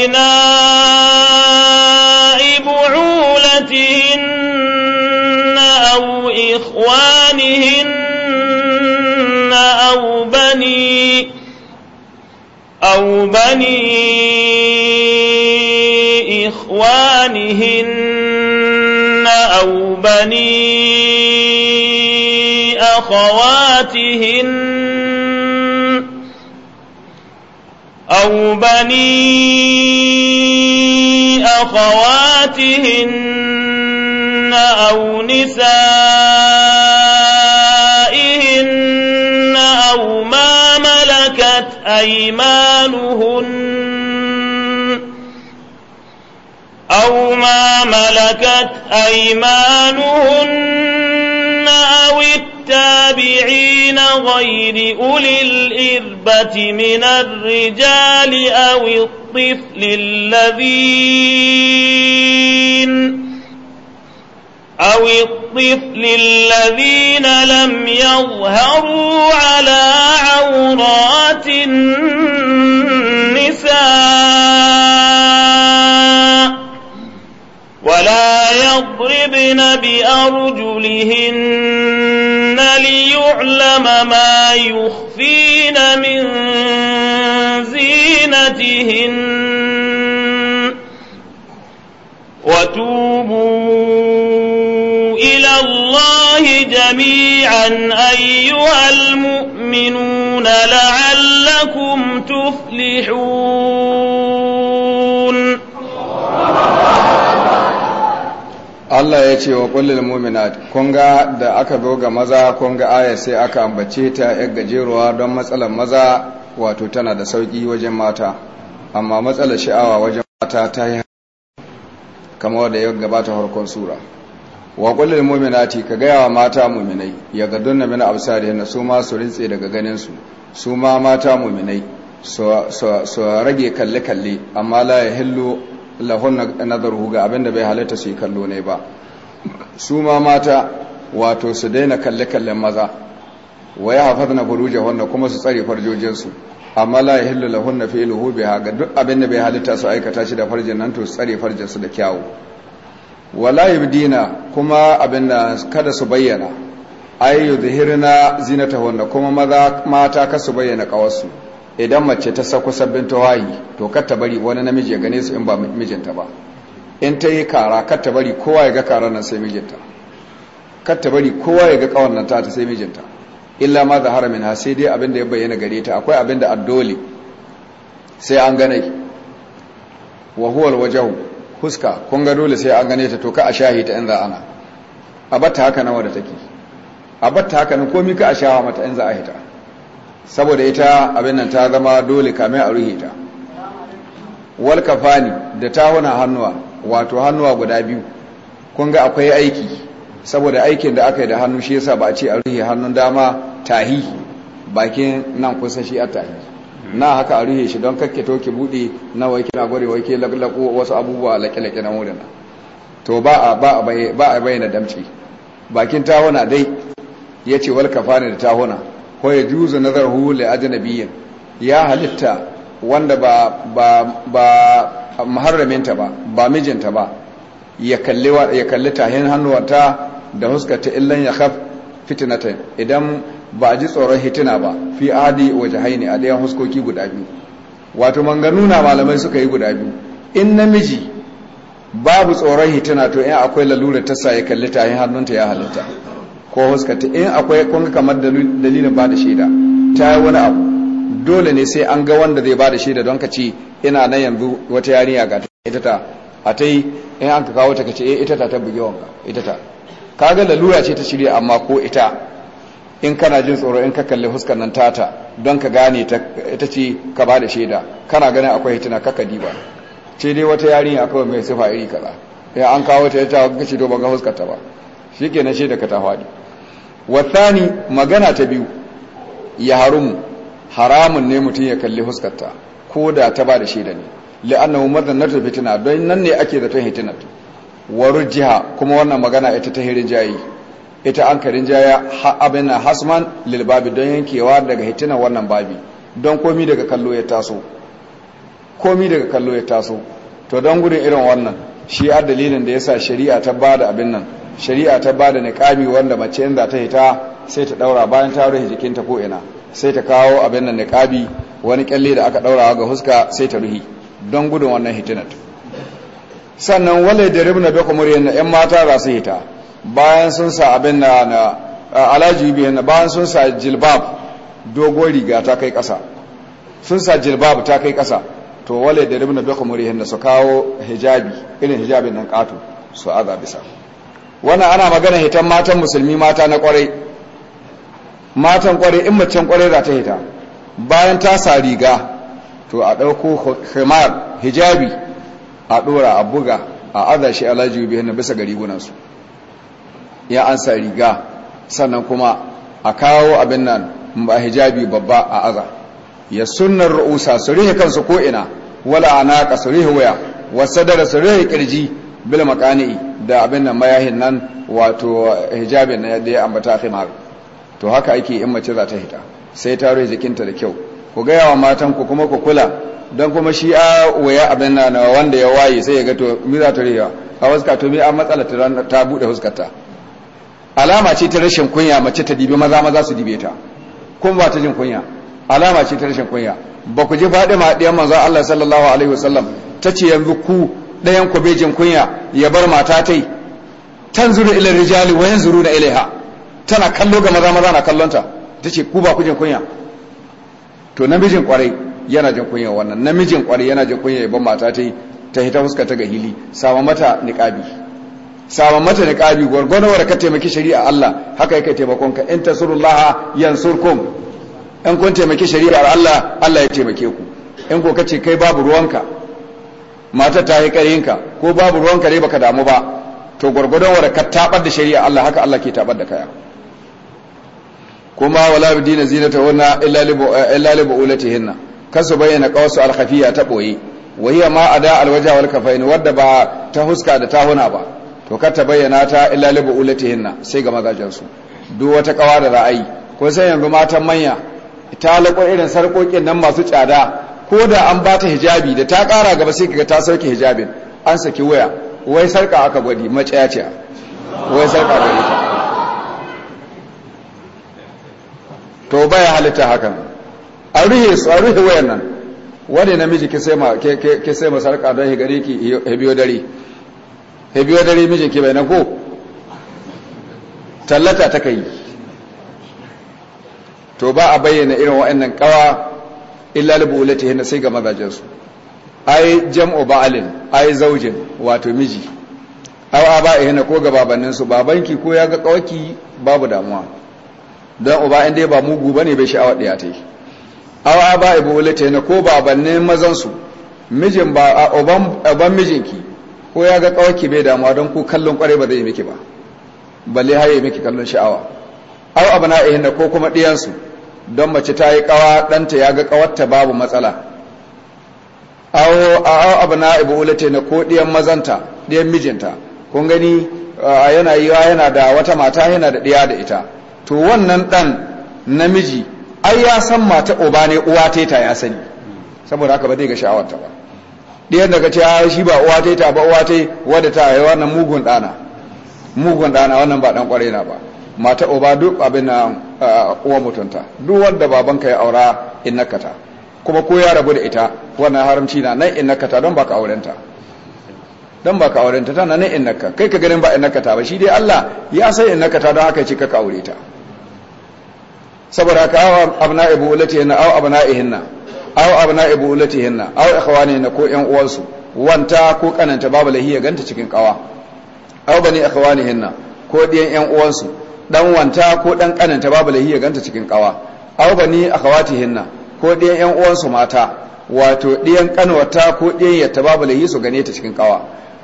أبناء بعولتهن أو إخوانهن أو بني أو بني إخوانهن أو بني أخواتهن أو بني أخواتهن أو نسائهن أو ما ملكت أيمانهن أو ما ملكت أيمانهن أو التابعين غير أولي الإربة من الرجال أو الطفل الذين أو الطفل الذين لم يظهروا على عورات النساء ولا يضربن بأرجلهن ليعلم ما يخفين من زينتهن وتوبوا إلى الله جميعا أيها المؤمنون لعلكم تفلحون Allah ya ce wa kullum mu'minat kun ga da aka zo ga maza kun ga aya sai aka ambace ta yar gajeruwa don matsalar maza wato tana da sauki wajen mata amma matsalar sha'awa wajen mata ta yi kamar da ya gabata harkon sura wa kullum mu'minati ka gaya wa mata mu'minai ya gadunna min absarihin su ma su rintse daga ganin su su ma mata mu'minai su rage kalle kalle amma la yahillu na nazaruhu ga abin da bai halitta su yi kallo ne ba su ma mata wato su daina kalle-kallen maza wa ya hafa na furuja wannan kuma su tsare farjojinsu amma la ya hillu na fi bai ga duk abin da bai halitta su aikata shi da farjin nan to su tsare farjinsu da kyawu wala dina kuma abin da kada su bayyana ay zinata zinatahunna kuma maza mata kasu bayyana kawarsu idan mace ta sako sabbin tawayi to kar ta bari wani namiji ya gane su in ba mijinta ba in ta yi kara kar ta bari kowa ya ga karar nan sai mijinta kar ta bari kowa ya ga kawan nan ta sai mijinta illa ma zahara min ha sai dai abin da ya bayyana gare ta akwai abin da addole sai an gane wa huwa alwajhu huska kun ga dole sai an gane ta to ka a shahi ta in za ana a batta haka nawa da take a batta haka nan komai ka a shawa mata in za a hita saboda ita abin nan ta zama dole kame a ruhe ta wal kafani da tahuna hannuwa wato hannuwa guda biyu kun ga akwai aiki saboda aikin da aka yi da hannu shi yasa ba a ce a ruhe hannun dama tahi bakin nan kusa shi a tahi na haka a ruhe shi don kakke toke bude na waike na gore waike laglako wasu abubuwa laƙe-laƙe na wurin to ba a bayyana damci bakin tahuna dai ya ce wal kafani da tahuna ko ya juzu nazarhu li ajnabiyyin ya halitta wanda ba ba ba muharraminta ba ba mijinta ba ya kalli ya kalli tahin hannuwarta da huskata illan ya khaf fitnatan idan ba ji tsoron hitina ba fi adi wajhaini a dayan huskoki guda biyu wato nuna malamai suka yi guda biyu in namiji babu tsoron hitina to in akwai lalura ta sa ya kalli tahin hannunta ya halitta ko huskata in akwai kun kamar dalilin ba da shaida ta yi wani abu dole ne sai an ga wanda zai ba da shaida don ka ce ina nan yanzu wata yarinya ga ita ta a ta yi in an ka kawo ta ka ce eh, ita ta ta buge wanka ita ta ka ga lalura ce ta shirya amma ko ita in kana jin tsoro in ka kalli huskar nan tata don ka gane ita ce ka ba da shaida kana ganin akwai hitina kaka diba ce dai wata yarinya akwai mai sifa iri kaza ya an kawo ta ita ga ce to ban ga huskar ta ba shi ke na shaida faɗi wathani magana ta biyu ya harumu haramun ne mutum ya kalli huskarta ko da ta ba da shaida ne na madannatu fitina don nan ne ake zaton warin jiha kuma wannan magana ita ta hirin jayi ita an karin jaya abin hasman lil babi don yankewa daga hitinar wannan babi don komi daga kallo ya taso komi daga kallo ya taso to don gudun irin wannan shi a dalilin da yasa shari'a ta ba da abin nan shari'a ta ba da niƙami wanda mace inda ta hita sai ta ɗaura bayan ta ruhi jikinta ko ina sai ta kawo abin nan niƙabi wani kyalle da aka ɗaura ga huska sai ta ruhi don gudun wannan hitinat sannan wale da ribna bai kuma na 'yan mata za su hita bayan sun sa abin na na alaji biyan bayan sun sa jilbab dogon riga ta kai ƙasa sun sa jilbab ta kai ƙasa to wale da ribna bai kuma na su kawo hijabi irin hijabin nan ƙato su aza bisa wannan ana magana hitan matan musulmi mata na kwarai matan kwarai in macen kwarai za ta hita bayan ta sa riga to a ɗauko himar hijabi a ɗora a buga a aza shi alhaji biyar na bisa gari gunansu ya an sa riga sannan kuma a kawo abin nan ba hijabi babba a aza ya sunnar ru'usa su rihe kansu ko'ina wala ka su rihe waya wasu dara su rihe kirji bil makani da abin nan mayahin nan wato hijabin na da ya ambata khimar to haka ake in mace za ta hita sai ta rufe jikinta da kyau ku ga yawa matan ku kuma ku kula don kuma shi a waya abin nan wanda ya waye sai ya ga to mi za ta riya a waska to mi a matsala ta ta bude huskarta alama ce ta rashin kunya mace ta dibe maza maza su dibe ta kuma ba ta jin kunya alama ce ta rashin kunya ba ku ji faɗi ma ɗiyan manzo Allah sallallahu alaihi wasallam ta ce yanzu ku ɗayan ku bai jin kunya ya bar mata ta yi zuru ila rijali wa yanzuru na ilaiha tana kallo ga maza maza na kallonta ta ce ku ba ku jin kunya to namijin kwarai yana jin kunya wannan namijin kwarai yana jin kunya ya bar mata ta yi ta hita fuska ta ga hili sama mata niqabi sama mata niqabi gwargwadowar ka taimaki shari'a Allah haka yake taimakon ka in tasurullah yansurkum in kun taimaki shari'ar Allah Allah ya taimake ku in ko kace kai babu ruwanka Matar ta yi karinka ko babu ruwan kare baka damu ba to gwargwadon wa ka tabar da shari'a Allah haka Allah ke tabar da kaya kuma wala bidina zinata wana illa li bu'ulatihinna kasu bayyana qawsu al khafiya ta boye wahiya ma ada al-wajha wal kafain wadda ba ta huska da ta huna ba to kar ta bayyana ta illa li bu'ulatihinna sai ga magajin su duk wata kawa da ra'ayi ko sai yanzu matan manya ta irin sarkokin nan masu tsada ko da an ba ta hijabi da ta ƙara gaba sai kaga ta sauke hijabin an saki waya wai sarka aka gwadi macaya ce wai sarka gare ta to baya halitta hakan a ruhe su a ruhe wayan nan wani namiji ke sai ma ke sai ma sarka don higari ki hebiyo dare hebiyo dare miji ke bai na ko tallata ta kai to ba a bayyana irin wa'annan kawa illa li bulatihinna sai ga mazajensu. su ai jam'u ba'alin ai zaujin wato miji aw aba'ihina ko ga babannin su babanki ko ya ga kawaki babu damuwa don uba in dai ba mugu bane bai sha'awa daya tai aw aba'i bulatihinna ko babannin mazan su mijin ba uban uban mijinki ko ya ga kawaki bai damuwa don ku kallon kware ba zai miki ba balle haye miki kallon sha'awa aw abna'ihinna ko kuma diyan su don mace ta yi kawa ɗanta ya ga kawarta babu matsala awo awo abu na ibu ulate na ko ɗiyan mazanta ɗiyan mijinta kun gani yana wa, yana da wata mata yana da ɗiya da ita to wannan ɗan namiji ai ya san mata uba ne uwa teta ya sani saboda haka ba zai ga sha'awarta ba ɗiyan daga ce shi ba uwa teta ba uwa te wadda ta yi wannan mugun ɗana mugun ɗana wannan ba ɗan ƙwarai na ba mata uba duk abin na uwa mutunta duk wanda babanka ya aura innakata kuma ko ya rabu da ita wannan haramci na nan innakata don baka aurenta don baka aurenta tana nan innaka kai ka ganin ba innakata ba shi dai Allah ya san innakata don haka ce ka aure ta saboda ka awa abna ibu ulatihinna aw abna'ihinna aw abna'ibu ulatihinna aw na ko ƴan uwansu wanta ko kananta babu lahiya ganta cikin kawa aw bani hinna ko diyan ƴan uwansu dan wanta ko dan kananta babu lahi ya ganta cikin kawa aw bani hinna. ko ɗiyan yan uwansu mata wato ɗiyan kanwata ko ɗiyan yatta babu lahi su gane ta cikin kawa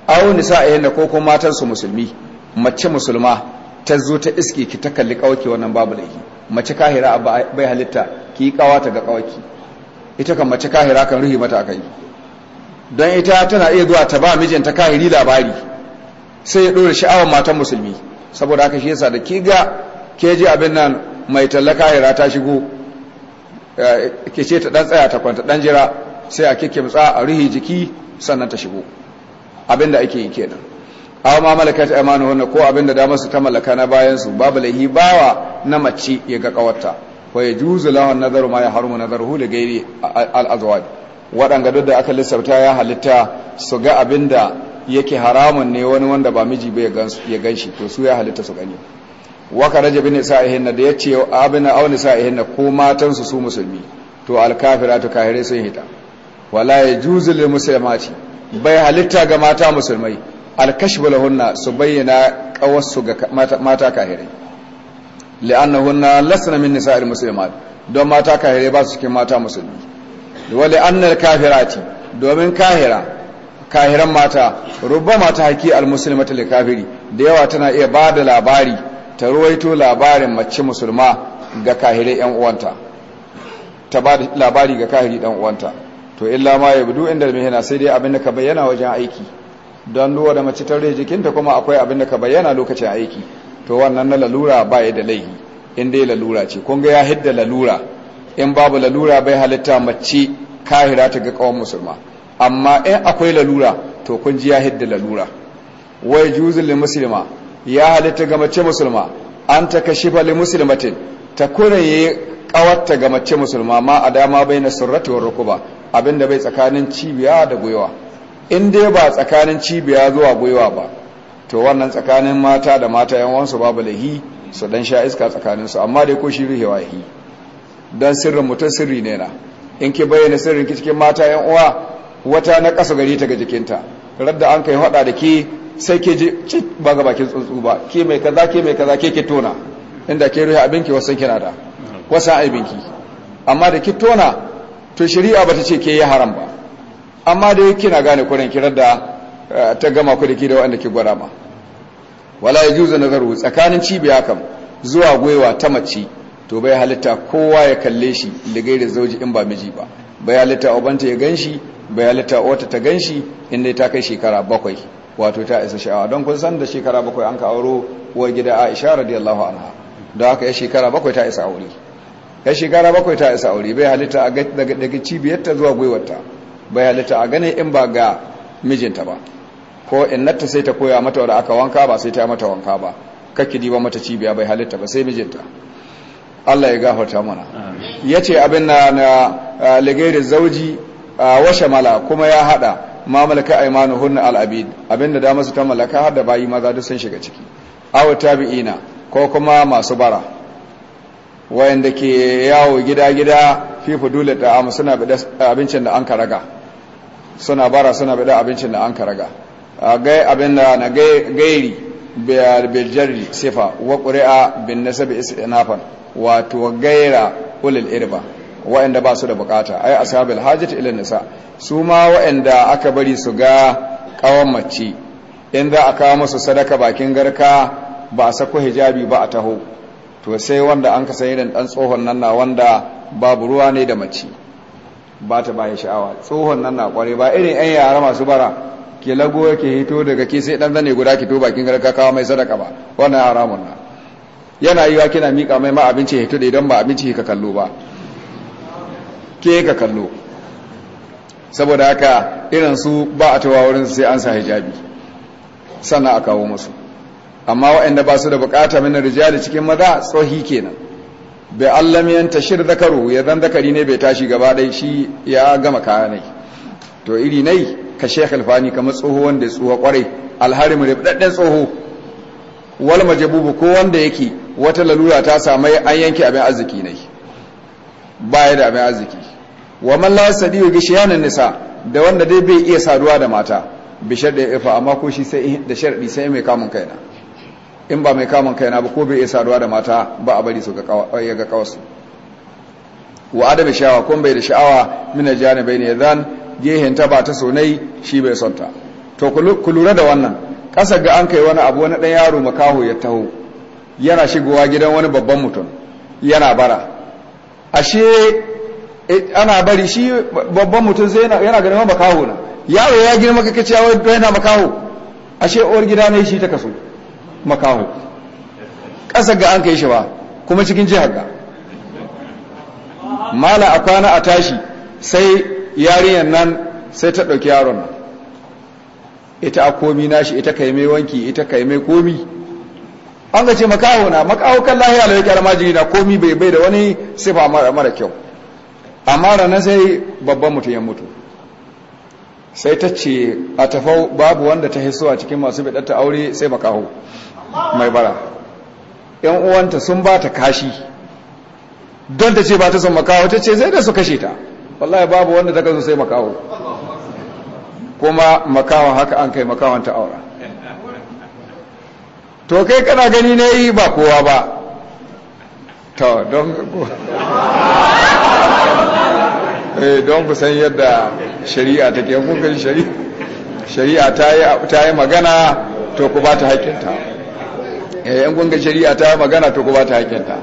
aw nisa'ahinna ko kuma matan su musulmi mace musulma ta zo ta iske ki ta kalli kawaki wannan babu lahi mace kahira bai halitta ki kawa ta ga kawaki ita kan mace kahira kan ruhi mata akai don ita tana iya zuwa ta ba mijinta kahiri labari sai ya ɗora sha'awar matan musulmi saboda aka shi yasa da kiga ke ji abin nan mai tallaka ya ta shigo eh, ke ce ta dan tsaya ta kwanta dan jira sai a kikimtsa a ruhi jiki sannan ta shigo abin da ake yi kenan aw ma malakat aymanuhunna ko abin da damar su ta mallaka na bayan su babu lahi bawa na mace ya ga kawarta wa juzu lahu an-nazaru ma yahrumu nazaruhu li ghairi al-azwaj wadanga duk da aka lissafta ya halitta su ga abinda yake haramun ne wani wanda ba miji bai ya gan shi to su ya halitta su gani waka raja bin sa'ihinna da yace abina aw nisa'ihinna ko matan su su musulmi to alkafiratu kahire sun hita wala yajuzu lil muslimati bai halitta ga mata musulmai bula lahunna su bayyana kawarsu ga mata kahirai li'annahunna lasna min nisa'il muslimat don mata kahire ba su cikin mata musulmi wa li'annal kafirati domin kahira kahiran mata rubama ta haki ta likafiri da yawa tana iya ba da labari ta ruwaito labarin mace musulma ga kahire ɗan uwanta ta ba labari ga kahiri ɗan uwanta to illa ma ya budu inda mihina sai dai abin da ka bayyana wajen aiki don duwa da mace tare jikinta kuma akwai abin da ka bayyana lokacin aiki to wannan na lalura ba ya da laihi in dai lalura ce kun ga ya hidda lalura in babu lalura bai halitta mace kahira ta ga kawon musulma amma in akwai lalura to kun ji ya hidda lalura wai juzul muslima ya halitta ga mace musulma an ta kashi li muslimatin ta yi kawarta ga mace musulma ma a dama bai na surrati wa rukuba abinda bai tsakanin cibiya da gwiwa in dai ba tsakanin cibiya zuwa gwiwa ba to wannan tsakanin mata da mata yan wansu babu lahi su dan sha iska tsakanin su amma dai ko shi ruhi yi dan sirrin mutum sirri ne na in ki bayyana sirrin ki cikin mata yan uwa wata na ƙasa gari ta ga jikinta radda an kai hada da ke sai ke ji ba ga bakin tsuntsu ba ke mai kaza ke mai kaza ke ke tona inda ke ruhi abinki wasu kina da wasu aibinki amma da ki tona to shari'a ba ta ce ke yi haram ba amma da yake na gane kuren ki da eh, ta gama ku da ke da wanda ke gwada ma wala ya juza nazaru tsakanin cibiya kam zuwa gwiwa ta mace to bai halitta kowa ya kalle shi da gaira zauji in ba miji ba bai halitta obanta ya gan shi bayan halitta wata ta ganshi inda ta kai shekara bakwai wato ta isa sha'awa don kun san da shekara bakwai an ka auro wa gida a aisha radiyallahu anha don haka ya shekara bakwai ta isa aure ya shekara bakwai ta isa aure bai halitta daga cibiyarta zuwa gwiwarta bai halitta a gane in ba ga mijinta ba ko in natta sai ta koya mata da aka wanka ba sai ta yi mata wanka ba kakki diba mata cibiya bai halitta ba sai mijinta Allah ya gafarta mana ya ce abin na ligairin zauji washe mala kuma ya hada ma malaka aymanuhunna al-abid abinda da masu ta malaka har da bayi maza duk sun shiga ciki aw tabi'ina ko kuma masu bara wayanda ke yawo gida-gida fi fudula amu suna abincin da an karaga suna bara suna da abincin da an karaga gai abinda na gairi biyar biljari sifa wa ƙuri'a bin nasabi inafan wato gaira ulil irba wa'anda ba su da bukata ai ashabul hajat ila nisa su ma wa'anda aka bari su ga kawan mace in za a kawo musu sadaka bakin garka ba a sako hijabi ba a taho to sai wanda an kasa irin dan tsohon nan na wanda babu ruwa ne da mace ba ta bayan sha'awa tsohon nan na kware ba irin ɗan yara masu bara ke lago yake hito daga ke sai dan zane guda ki to bakin garka kawo mai sadaka ba wannan haramun nan yana yiwa kina mika mai ma abinci hito da idan ba abinci ka kallo ba ke ka kallo saboda haka irin su ba a tawa wurin sai an sa hijabi sannan a kawo musu amma waɗanda ba su da bukata min rijali cikin maza tsohi kenan bai allam yan tashir zakaru ya zan zakari ne bai tashi gaba dai shi ya gama kaya ne to iri nai ka shekh alfani kamar tsoho wanda ya tsoho kwarai alharim ribdadden tsoho wal majabubu ko wanda yake wata lalura ta samai an yanke abin arziki ne baya da abin arziki wa man la sadiyu bi shiyanin nisa da wanda dai bai iya saduwa da mata bi sharɗi ifa amma ko shi sai da sharɗi sai mai kamun kaina in ba mai kamun kaina ba ko bai iya saduwa da mata ba a bari su ga ya ga kawasu wa adami shawa kun bai da sha'awa mina janibai ne zan gehen ta ba ta sonai shi bai son ta to ku lura da wannan kasa ga an kai wani abu wani dan yaro makaho ya taho yana shigowa gidan wani babban mutum yana bara ashe Eh, ana bari shi babban mutum zai yana ganin wani makaho na yaro ya girma kake cewa wai yana makaho ashe uwar gida ne shi ta kaso makaho ƙasa ga an kai shi ba kuma cikin jihar ga mala a kwana a tashi sai yarinyar nan sai ta ɗauki yaron nan ita a komi nashi ita kai mai wanki ita kai mai komi an ga ce makaho na makaho kan lahiya da yake almajiri na komi bai bai da wani sifa mara kyau amma ranar sai babban mutum ya mutu sai ta ce a tafau babu wanda ta hiso a cikin masu bidatta aure sai makaho mai bara yan uwanta sun ba ta kashi don ta ce ba ta son makaho ta ce zai da su kashe ta wallahi babu wanda ta kazo sai makaho kuma makaho haka an kai makawan ta aura to kai kana gani na yi ba kowa ba ta don Eh, don ku san yadda shari'a take in kun shari'a ta yi magana to ku ba ta haƙƙinta in kun shari'a ta yi magana to ku ba ta haƙƙinta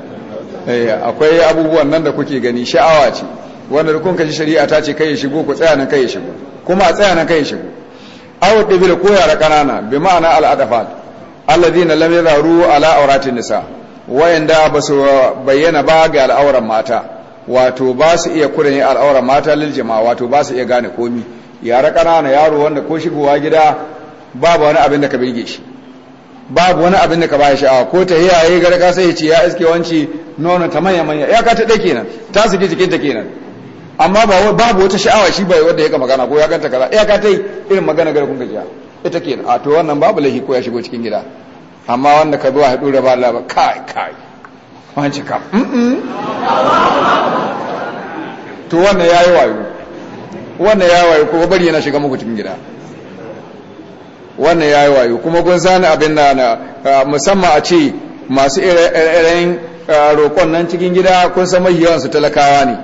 akwai abubuwan nan da kuke gani sha'awa ce wanda da kun shari'a ta ce kai ya shigo ku tsaya nan kai ya shigo kuma a tsaya nan kai ya shigo aw da koya da ƙanana, bi ma'ana al'adafat adafat na lam yadharu ala awratin nisa wayanda su bayyana ba ga al'auran mata wato ba su iya kuren al'aura mata lil jama'a wato ba su iya gane komi yara ƙanana yaro wanda ko shigowa gida babu wani abin da ka birge shi babu wani abin da ka ba sha'awa ko ta hiyaye gare ka sai ya ce ya iske wanci nono ta manya manya ya ka ta dake kenan ta ji jikin ta kenan amma ba babu wata sha'awa shi bai wanda ya ka magana ko ya ganta kaza ya ka ta yi irin magana gare kun gajiya ita kenan a to wannan babu lahi ko ya shigo cikin gida amma wanda ka zo a haɗu da ba Allah ba kai kai wani cika to wannan ya yi wayo wannan ya yi wayo kuma bari yana shiga muku cikin gida wannan ya yi wayo kuma kun sani abin da na musamman a ce masu irin roƙon nan cikin gida kun san mahi yawansu talakawa ne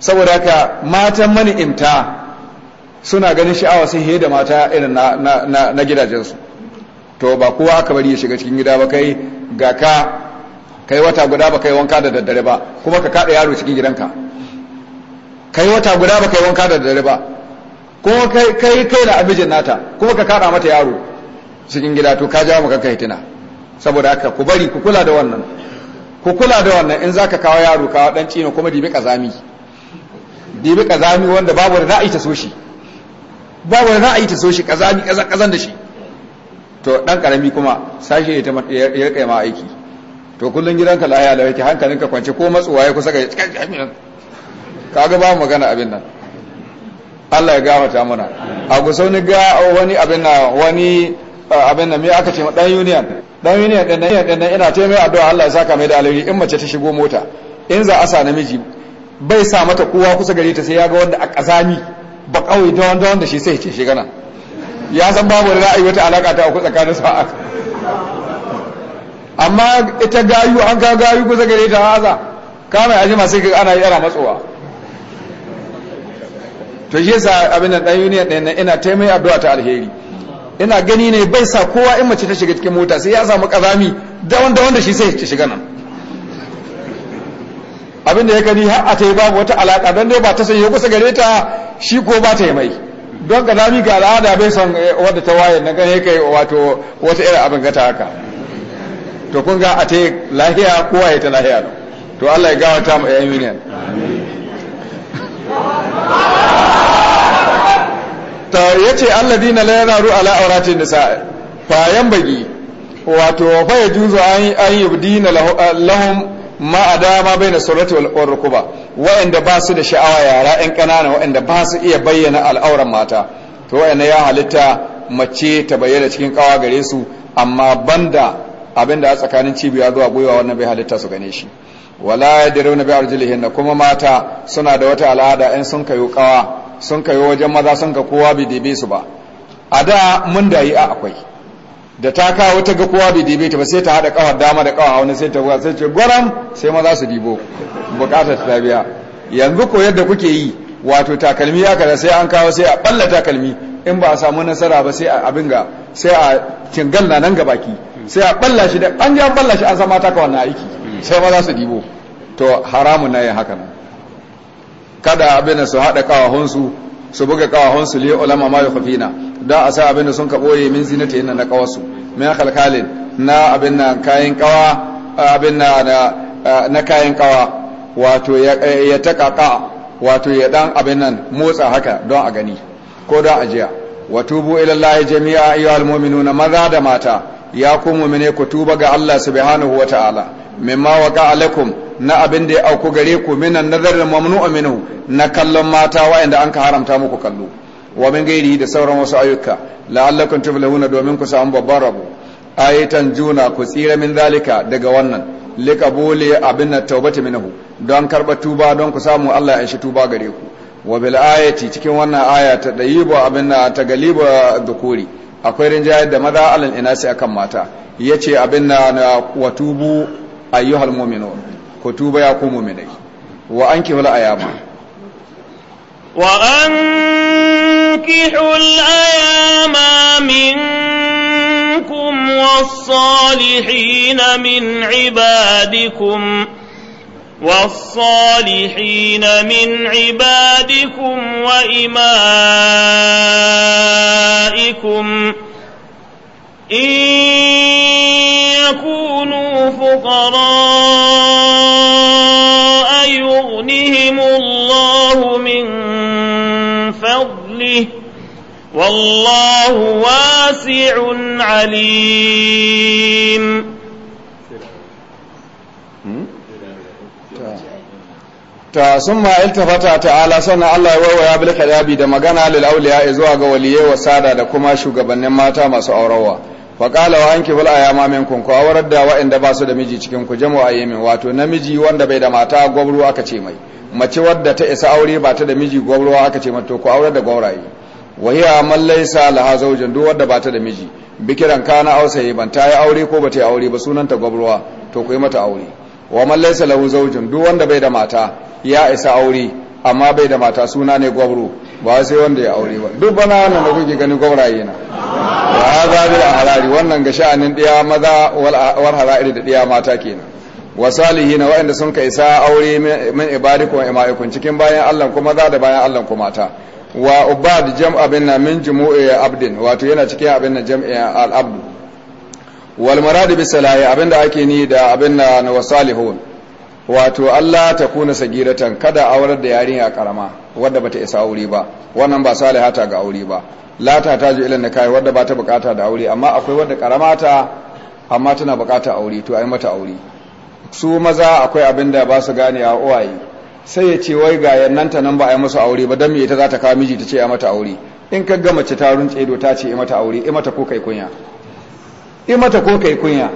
saboda haka matan mani'imta suna ganin sha'awa sun he da mata irin na gidajensu to ba kowa aka bari ya shiga cikin gida ba kai ga ka kai wata guda ba kai wanka da daddare ba kuma ka kada yaro cikin gidanka kai wata guda ba kai wanka da daddare ba kuma kai kai kai da abijin nata kuma ka kada mata yaro cikin gida to ka ja maka kai tuna saboda haka ku bari ku kula da wannan ku kula da wannan in zaka kawo yaro kawo dan cino kuma dibi kazami dibi kazami wanda babu da ra'ayi ta so shi babu da ra'ayi ta so shi kazami kazan da shi to dan karami kuma sashi ya kai ma aiki to kullun gidanka lahiya da yake hankalinka kwance ko matsuwa ya kusa ga kaga ba magana abin nan Allah ya gafarta mana a gusau ni ga wani abin nan wani abin nan me aka ce dan union dan union din nan din nan ina ce mai addu'a Allah ya saka mai da alheri in mace ta shigo mota in za a sa namiji bai sa mata kowa kusa gare ta sai ya ga wanda a kazami ba kawai da wanda wanda shi sai ya ce shi gana ya san babu ra'ayi wata alaka ta uku tsakanin sa'a amma ita gayu an ka gayu kusa gare ta haza kamar ajima sai ka ana yara matsowa to shi yasa abin nan dan union din nan ina taimai addu'a ta alheri ina gani ne bai sa kowa in mace ta shiga cikin mota sai ya samu kazami da wanda wanda shi sai ta shiga nan abin da ya gani har a tai babu wata alaka don dai ba ta sanya kusa gare ta shi ko ba ta yi mai don kazami ga al'ada bai son eh, wadda ta waye na gane kai wato wata irin abin gata haka to kun ga a ta lahiya kowa ya ta lahiya no to Allah ya gawata mu ayyami ne ta yace alladina la yanaru ala awratin nisa fa yan bagi wato fa yajuzu an an yubdina lahum ma a baina bai na surati wal rukuba wa'anda ba su da sha'awa yara yan ƙanana wa'anda ba su iya bayyana al'auran mata to wa'anda ya halitta mace ta bayyana cikin kawa gare su amma banda abinda a tsakanin cibiya zuwa gwiwa wannan bai halitta su gane shi wala yadruna bi arjulihinna kuma mata suna da wata al'ada in sun kayo kawa sun kayo wajen maza sun ka kowa bai dibe su ba a da mun da yi a akwai da ta kawo ta ga kowa bai dibe ta ba sai ta hada kawar dama da kawar wani sai ta wuwa sai ce gwaram sai maza su dibo bukatar ta biya yanzu ko yadda kuke yi wato takalmi ya kada sai an kawo sai a balla takalmi in ba a samu nasara ba sai a abin ga sai a cingalla na nan gabaki sai a balla shi da an ji an balla shi an san mata ka wannan aiki sai ma za su dibo to haramun na yin haka kada abin su haɗa kawahunsu su buga kawahunsu liya ulama ma ya kafina don a sa abin da sun ka ɓoye min zinata yana na kawarsu min kalkalin na abin na kayan kawa abin na na kayan kawa wato ya takaka wato ya ɗan abin nan motsa haka don a gani ko don ajiya wa tubu ilallahi jami'a ayyuhal mu'minuna maza da mata ya ku mu'mine ku tuba ga Allah subhanahu wa ta'ala mimma waqa alaikum na abin da ya auku gare ku minan nazarin mamnu'a minhu na kallon mata wa'anda an ka haramta muku kallo wa min gairi da sauran wasu ayyuka la'allakum tuflihuna domin ku samu babban rabo ayatan juna ku tsira min zalika daga wannan liqabuli abin at minhu don karba tuba don ku samu Allah ya shi tuba gare ku wa bil ayati cikin wannan aya ta dayibu abin ta galiba dhukuri akwai rinjayar da maza alal inasi akan mata ya ce abin na tubu ayyuhal mu'minun ku tuba ya ku mu'minai wa ankihul ayama wa ankihul ayama minkum was-salihin min ibadikum والصالحين من عبادكم وإمائكم إن يكونوا فقراء يغنهم الله من فضله والله واسع عليم ta sun iltafata ta'ala sannan Allah ya wawaya bil kadabi da magana lil awliya zuwa ga waliyai wa sada da kuma shugabannin mata masu aurawa fa qala wa anki bil ayama minkum ku awar da wa'anda ba su da miji cikin ku jamu ayyamin wato namiji wanda bai da mata gwabru aka ce mai mace wadda ta isa aure ba ta da miji gwabru aka ce mata to ku aurar da gwauraye wa hiya man laysa laha zawjun duk wadda ba ta da miji bikiran kana ausaye ban ta yi aure ko ba ta yi aure ba sunanta gwabruwa to ku yi mata aure wa man laysa lahu zawjun duk wanda bai da mata ya isa aure amma bai da mata suna ne gwabro ba sai wanda ya aure ba duk bana wannan da kuke gani gwabraye na za hadha da ahrari wannan ga sha'anin diya maza war harairi da diya mata kenan wa na wa'anda sun kai sa aure min ibadikum wa cikin bayan Allah kuma maza da bayan Allah kuma mata wa ubad Abin na min jumu'i abdin wato yana cikin abin na jam'i al abd wal marad bi salahi abinda ake ni da abin na wasalihun wato Allah ta kuna sagiratan kada aurar da yarinya karama wadda bata isa aure ba wannan ba ta ga aure ba lata ta ji ilan kai wadda bata bukata da aure amma akwai wadda karamata amma tana bukata aure to ai mata aure su maza akwai abinda ba su gane a uwaye sai ya ce wai ga yannan ta nan ba a yi musu aure ba dan me ita za ta kawo miji ta ce ai mata aure in ka ga mace ta runce do ta ce ai mata aure ai mata ko kai kunya ai mata ko kai kunya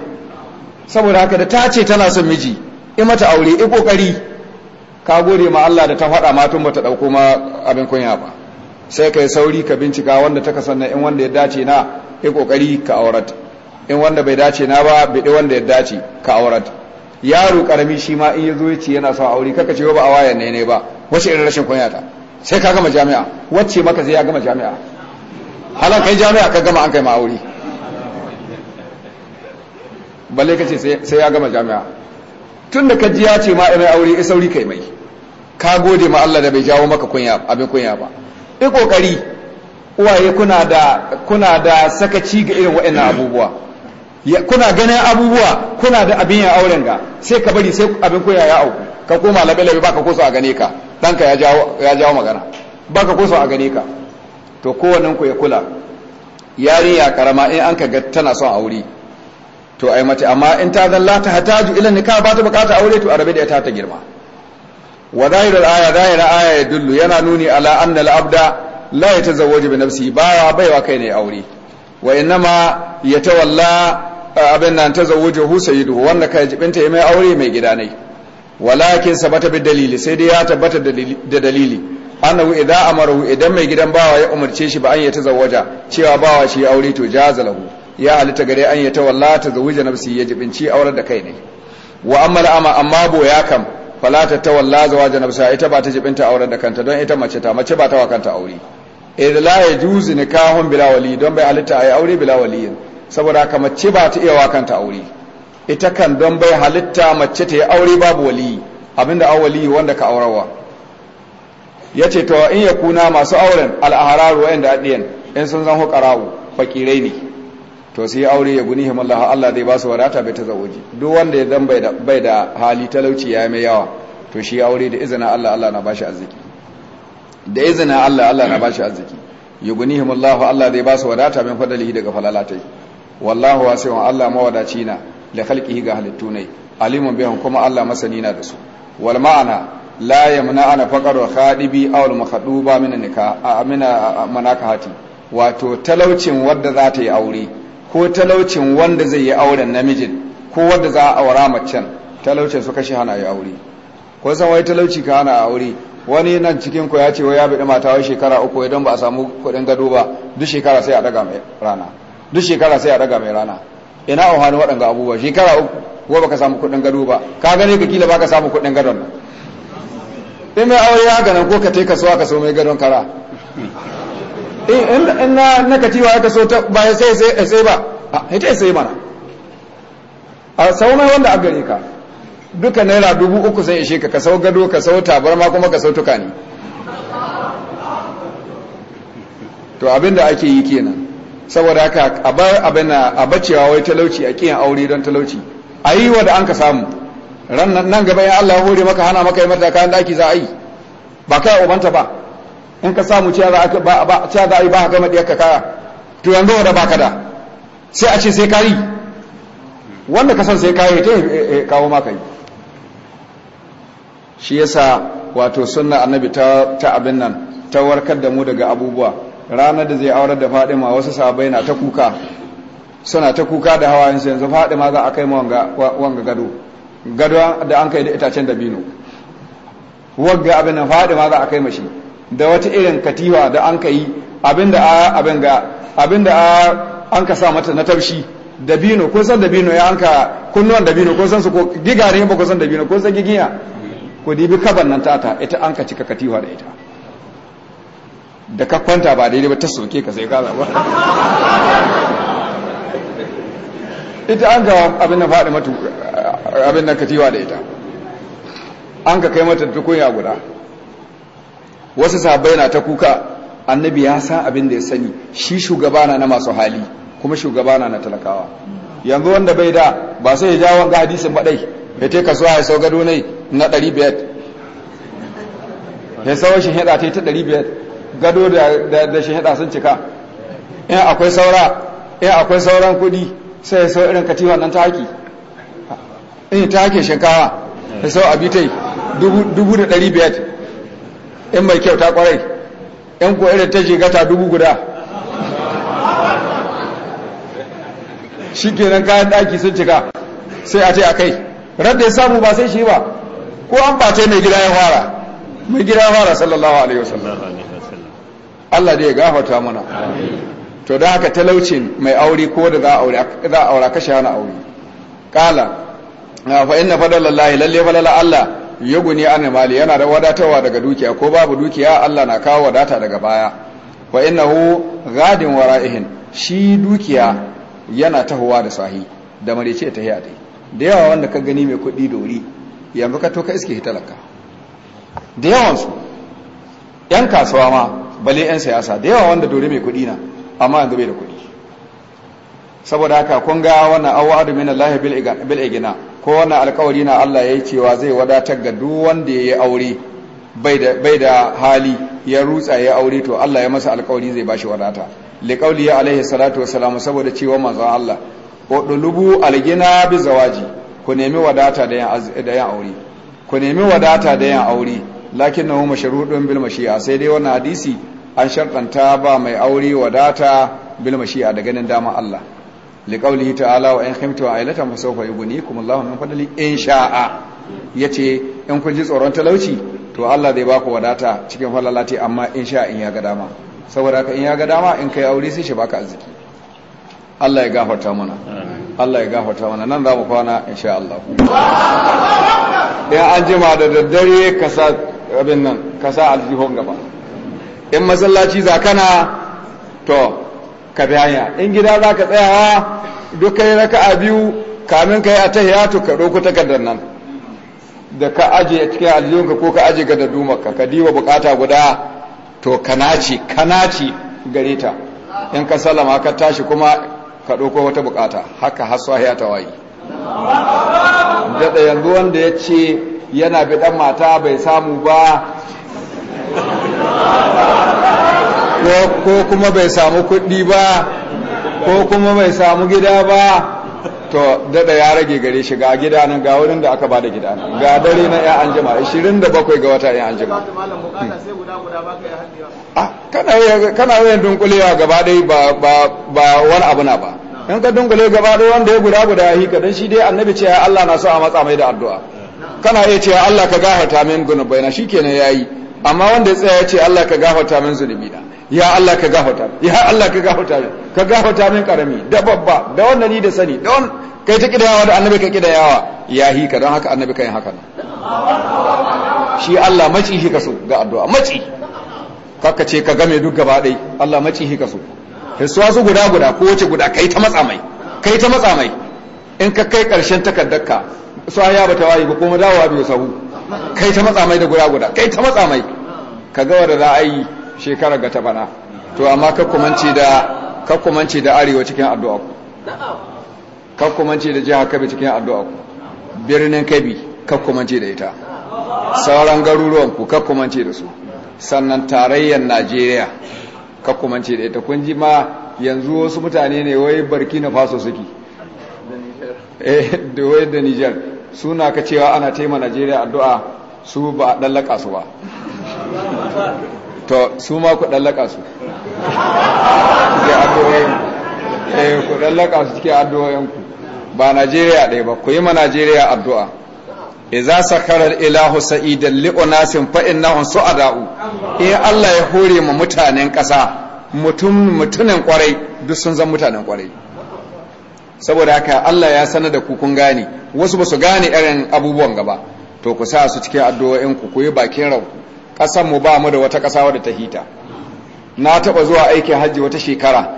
saboda haka da ta ce tana son miji in mata aure i kokari ka gode ma Allah da ta faɗa matun bata dauko ma abin kunya ba sai kai sauri ka bincika wanda ta kasanna in wanda ya dace na i kokari ka aurata in wanda bai dace na ba bidi wanda ya dace ka aurata yaro karami shi ma in yazo yace yana son aure kaka ce ba a wayan ne ne ba wace irin rashin kunya ta sai ka gama jami'a wacce maka sai ya gama jami'a halan kai jami'a ka gama an kai ma aure balle kace sai ya gama jami'a tun da ka ji ya ce ma mai aure ya sauri kai mai ka gode ma Allah da bai jawo maka kunya abin kunya ba yi kokari uwaye kuna da kuna da sakaci ga irin waɗannan abubuwa kuna ganin abubuwa kuna da abin ya auren ga sai ka bari sai abin kunya ya auku ka koma labe labe baka koso a gane ka danka ya jawo ya jawo magana baka koso a gane ka to kowannen ku ya kula yarinya karama in an ka ga tana son aure to ai mace amma in ta zan la ta hataju ila nikah ba ta bukata aure to arabe da ita ta girma wa zahirul aya zahirul aya yadullu yana nuni ala anna al abda la yatazawwaju bi nafsihi bawa baiwa kai ne aure wa innama yatawalla abin nan tazawwujuhu sayyiduhu wanda kai jibinta ya mai aure mai gida ne walakin sabata bi dalili sai dai ya tabbata da dalili annahu idza amaru idan mai gidan bawa ya umarce shi ba an yatazawwaja cewa bawa shi aure to jazalahu ya halitta gare an yata walla ta zawuja nafsi ya jibinci aurar da kai ne wa amma ama amma bo ya kam Falata ta wallaza zawaja nafsa ita ba ta jibinta aurar da kanta don ita mace ta mace ba ta wa kanta aure idan la ya juzu nikahun bila wali don bai halitta ai aure bila waliyin saboda haka mace ba ta iya wa kanta aure ita kan don bai halitta mace ta yi aure babu wali abinda wali wanda ka aurawa ya ce to in ya kuna masu auren al'ahararu wa'yan da in sun zan hukara'u fakirai ne to sai ya aure ya guni himallah Allah zai ba su warata bai zawoji duk wanda ya zan bai da hali talauci ya mai yawa to shi aure da izinin Allah Allah na bashi arziki da izinin Allah Allah na bashi arziki ya guni himallah Allah zai ba su warata min fadalihi daga falalatai wallahu wasi'un Allah mawadaci na da khalqihi ga halittu ne alimun bihum kuma Allah masani na da su wal ma'ana la yamna ana faqaru khadibi aw al mukhaduba min nikah amina manakahati wato talaucin wadda za ta yi aure ko talaucin wanda zai yi auren namijin ko wanda za a aura macen talaucin su kashe hana ya aure ko san wai talauci ka hana aure wani nan cikin ku ya ce wai ya bi mata wai shekara uku idan ba a samu kuɗin gado ba duk shekara sai a daga mai rana duk shekara sai a daga mai rana ina a waɗanga abubuwa shekara uku ko baka samu kuɗin gado ba ka gane ka kila baka samu kuɗin gadon nan in mai aure ya ganin ko ka ta'i kasuwa ka so mai gadon kara Eh, in na katiwa aka so ta baya sai sai eh, sai ba ah, a ita sai mana a sauna wanda a gare ka duka naira dubu uku sai ishe ka ka sau gado ka sau tabarma kuma ka sau tukani to abinda ake yi kenan saboda haka a bar abin a bacewa wai talauci a kiyan aure don talauci a yi wa da an ka samu ran nan gaba ya Allah hore maka hana maka yi mata kayan daki za a yi ba kai ubanta ba in ka samu ciya za a yi ba a gama ɗiyar kaya to yanzu wadda ba ka da sai a ce sai kayi wanda ka san sai kayi ta eh, eh, kawo maka yi shi yasa wato sunna annabi ta abin nan ta warkar da mu daga abubuwa ranar da zai aurar da fadima wasu sabai na ta kuka suna ta kuka da hawayen yanzu yanzu fadima za a kai ma wanga gado gado da an kai da itacen dabino wagga abin nan fadima za a kai mashi da wata irin katiwa da an ka yi abinda a abin ga abinda a an ka sa mata na taushi dabino ko san dabino ya an ka kunnuwan dabino ko san su ko giga ba ko san dabino ko san gigiya ko dibi kaban nan tata ita an ka cika katiwa da ita da ka kwanta ba daidai ba ta soke ka sai kaza ba ita an ga abin nan faɗi mata abin nan katiwa da ita an ka kai mata tukunya guda wasu sahabbai na ta kuka annabi ya san abin da ya sani shi shugaba na na masu hali kuma shugaba na na talakawa yanzu wanda bai da ba sai ya jawo ga hadisin baɗai ya te kasuwa ya sau gado ne na 500 ya sau shi hida ta yi ta 500 gado da shi hida sun cika in akwai saura in akwai sauran kuɗi sai ya sau irin katifa nan ta haki in eh, ta hake shinkawa ya sau abitai biyar. in mai kyauta kwarai in ko irin ta gata dubu guda shi kenan kayan ɗaki sun cika sai a ce a kai radda ya samu ba sai shi ba ko an ba mai gida ya fara mai gida ya fara sallallahu alaihi wasallam Allah da ya gafata mana to da haka talaucin mai aure ko da za a aura kashe hana aure kala fa inna fadalallahi lalle falala Allah yuguni an mali yana da wadatarwa daga dukiya ko babu dukiya Allah na kawo wadata daga baya wa innahu gadin wara'ihin shi dukiya yana tahowa da sahi da marice ta hiya dai da yawa wanda ka gani mai kuɗi dori yanzu ka to ka iske hitalaka da yawan su yan kasuwa ma bale yan siyasa da yawa wanda dori mai kuɗi na amma yanzu bai da kuɗi saboda haka kun ga wannan awadu min Allah bil igina ko wannan alkawari na Allah ya yi cewa zai wadatar ga duk wanda ya yi aure bai da hali ya rutsa ya aure to Allah ya masa alkawari zai ba shi wadata liƙauli ya alaihi salatu wa salamu saboda cewa manzon Allah udlubu algina bi zawaji ku nemi wadata da yan aure ku nemi wadata da yan aure lakin lakinnahu mashrudun bil mashi'a sai dai wannan hadisi an shartanta ba mai aure wadata bil mashi'a da ganin dama Allah liƙaulihi ta'ala wa ‘yan himta wa ailata masaufa iguni kuma Allah min fadali in sha'a ya ce in kun ji tsoron talauci to Allah zai ba ku wadata cikin falalati amma in sha'a in ya ga dama saboda ka in ya ga dama in kai aure sai shi baka arziki Allah ya gafarta mana Allah ya gafarta mana nan za mu kwana sha Allah dan an jima da daddare ka sa abin nan ka sa aljihon gaba in masallaci zakana to ka bi hanya in gida za ka tsayawa duk kai a biyu kamin ka yi a to ka ɗauko takardar nan da ka aje a cikin ka ko ka aje ga daduma ka ka diba bukata guda to ka kanaci kanaci gare ta in ka salama ka tashi kuma ka ɗauko wata bukata haka har sahiya ta wayi daɗa yanzu wanda ya ce yana bi biɗan mata bai samu ba ko kuma bai samu kuɗi ba ko kuma bai samu gida ba to dada ya rage gare shi ga gida nan ga wurin da aka bada gida nan ga dare na ya'an anjima 27 ga wata ya'an anjima hmm. ah, kana yin dunkulewa gaba dai ba wani abu na ba in ka dunkule gaba dai wanda ya guda guda yi hika dan shi dai annabi ce ya Allah na so a matsa mai da addu'a kana iya ya Allah ka gafarta min gunubaina shikenan yayi amma wanda ya tsaya ya ce Allah ka gafarta min na. ya Allah ka gafata ya Allah ka gafarta ka gafata min karami da babba da wanda ni da sani da wanda kai ta kidayawa da annabi ka kidayawa ya hi ka don haka annabi kai haka nan shi Allah maci shi so ga addu'a maci kaka ce ka game duk gaba dai Allah maci shi so hiswa su guda guda ko wace guda kai ta matsa mai kai ta matsa mai in ka kai karshen takaddaka su ya ta waye ba kuma dawowa bai sahu kai ta matsa mai da guda guda kai ta matsa mai ka ga wanda za a yi shekarar ga ta bana to amma kakkumanci da kakkumanci da arewa cikin addu'a ku kakkumanci da jiha kabi cikin addu'a ku birnin kabi kakkumanci da ita sauran garuruwan ku kakkumanci da su sannan tarayyar najeriya kakkumanci da ita kun ji ma yanzu wasu mutane ne wai barki na faso suke eh da wai da niger suna ka cewa ana taimaka najeriya addu'a su ba a ɗallaka su ba to su ma ku dallaka su ku cikin eh, addu'o'inku ba najeriya ɗaya ba ku yi ma najeriya addu'a su sakarar ilahu sa'idan nasin fa'in a su'ada'u in allah ya hore ma mutanen ƙasa mutumin kwarai duk sun zan mutanen kwarai saboda haka Allah ya sanar da kukun kun gane wasu ba su gane irin abubuwan gaba to ku sa su cikin addu'o'inku ku yi bakin rauku ƙasar mu ba mu da wata ƙasa wadda ta hita na taɓa zuwa aikin hajji wata shekara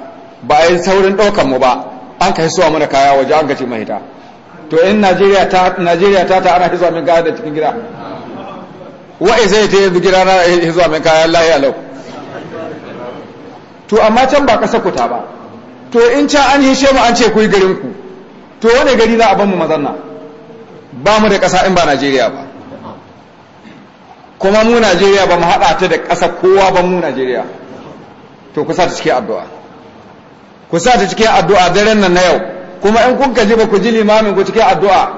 ba a yi saurin ɗaukan mu ba an ka hisuwa mana kaya waje an ka ce mahita to in najeriya ta najeriya ta ta ana hisuwa min kaya da cikin gida wa'i zai ta yi gida na hisuwa min kaya lahi alau to amma can ba ƙasa kuta ba to in can an hishe mu an ce ku yi garin ku to wani gari za a ban mu mazanna ba mu da ƙasa in ba najeriya ba kuma mu Najeriya ba mu haɗa ta da ƙasa kowa ba mu Najeriya to kusa ta cikin addu'a kusa ta cikin addu'a daren nan na yau kuma in kun kaji ba ku ji limamin ku cikin addu'a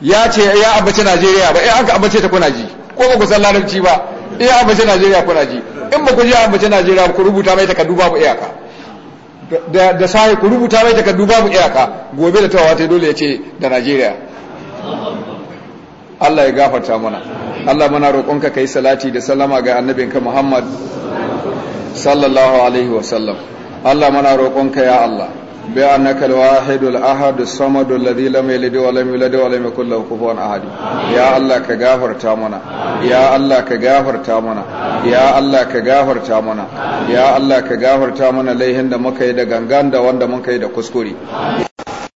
ya ce ya abace Najeriya ba eh, an aka abace ta kuna ji ko ba ku san larabci ba ya eh, abace Najeriya kuna ji in ba ku ji abace Najeriya ba ku rubuta mai takardu babu iyaka da da sai ku rubuta mai takardu babu iyaka gobe da tawawa ta dole ya ce da Najeriya Allah ya gafarta mana Allah muna roƙonka yi salati da salama ga annabinka Muhammad sallallahu alaihi wa sallam Allah muna roƙonka ya Allah bai annaka al-wahid al-ahad as-samad alladhi lam yalid wa lam yulad wa lam yakul lahu kufuwan ahad ya Allah ka gafarta mana ya Allah ka gafarta mana ya Allah ka gafarta mana ya Allah ka gafarta mana laihin da muka yi da gangan da wanda muka yi da kuskure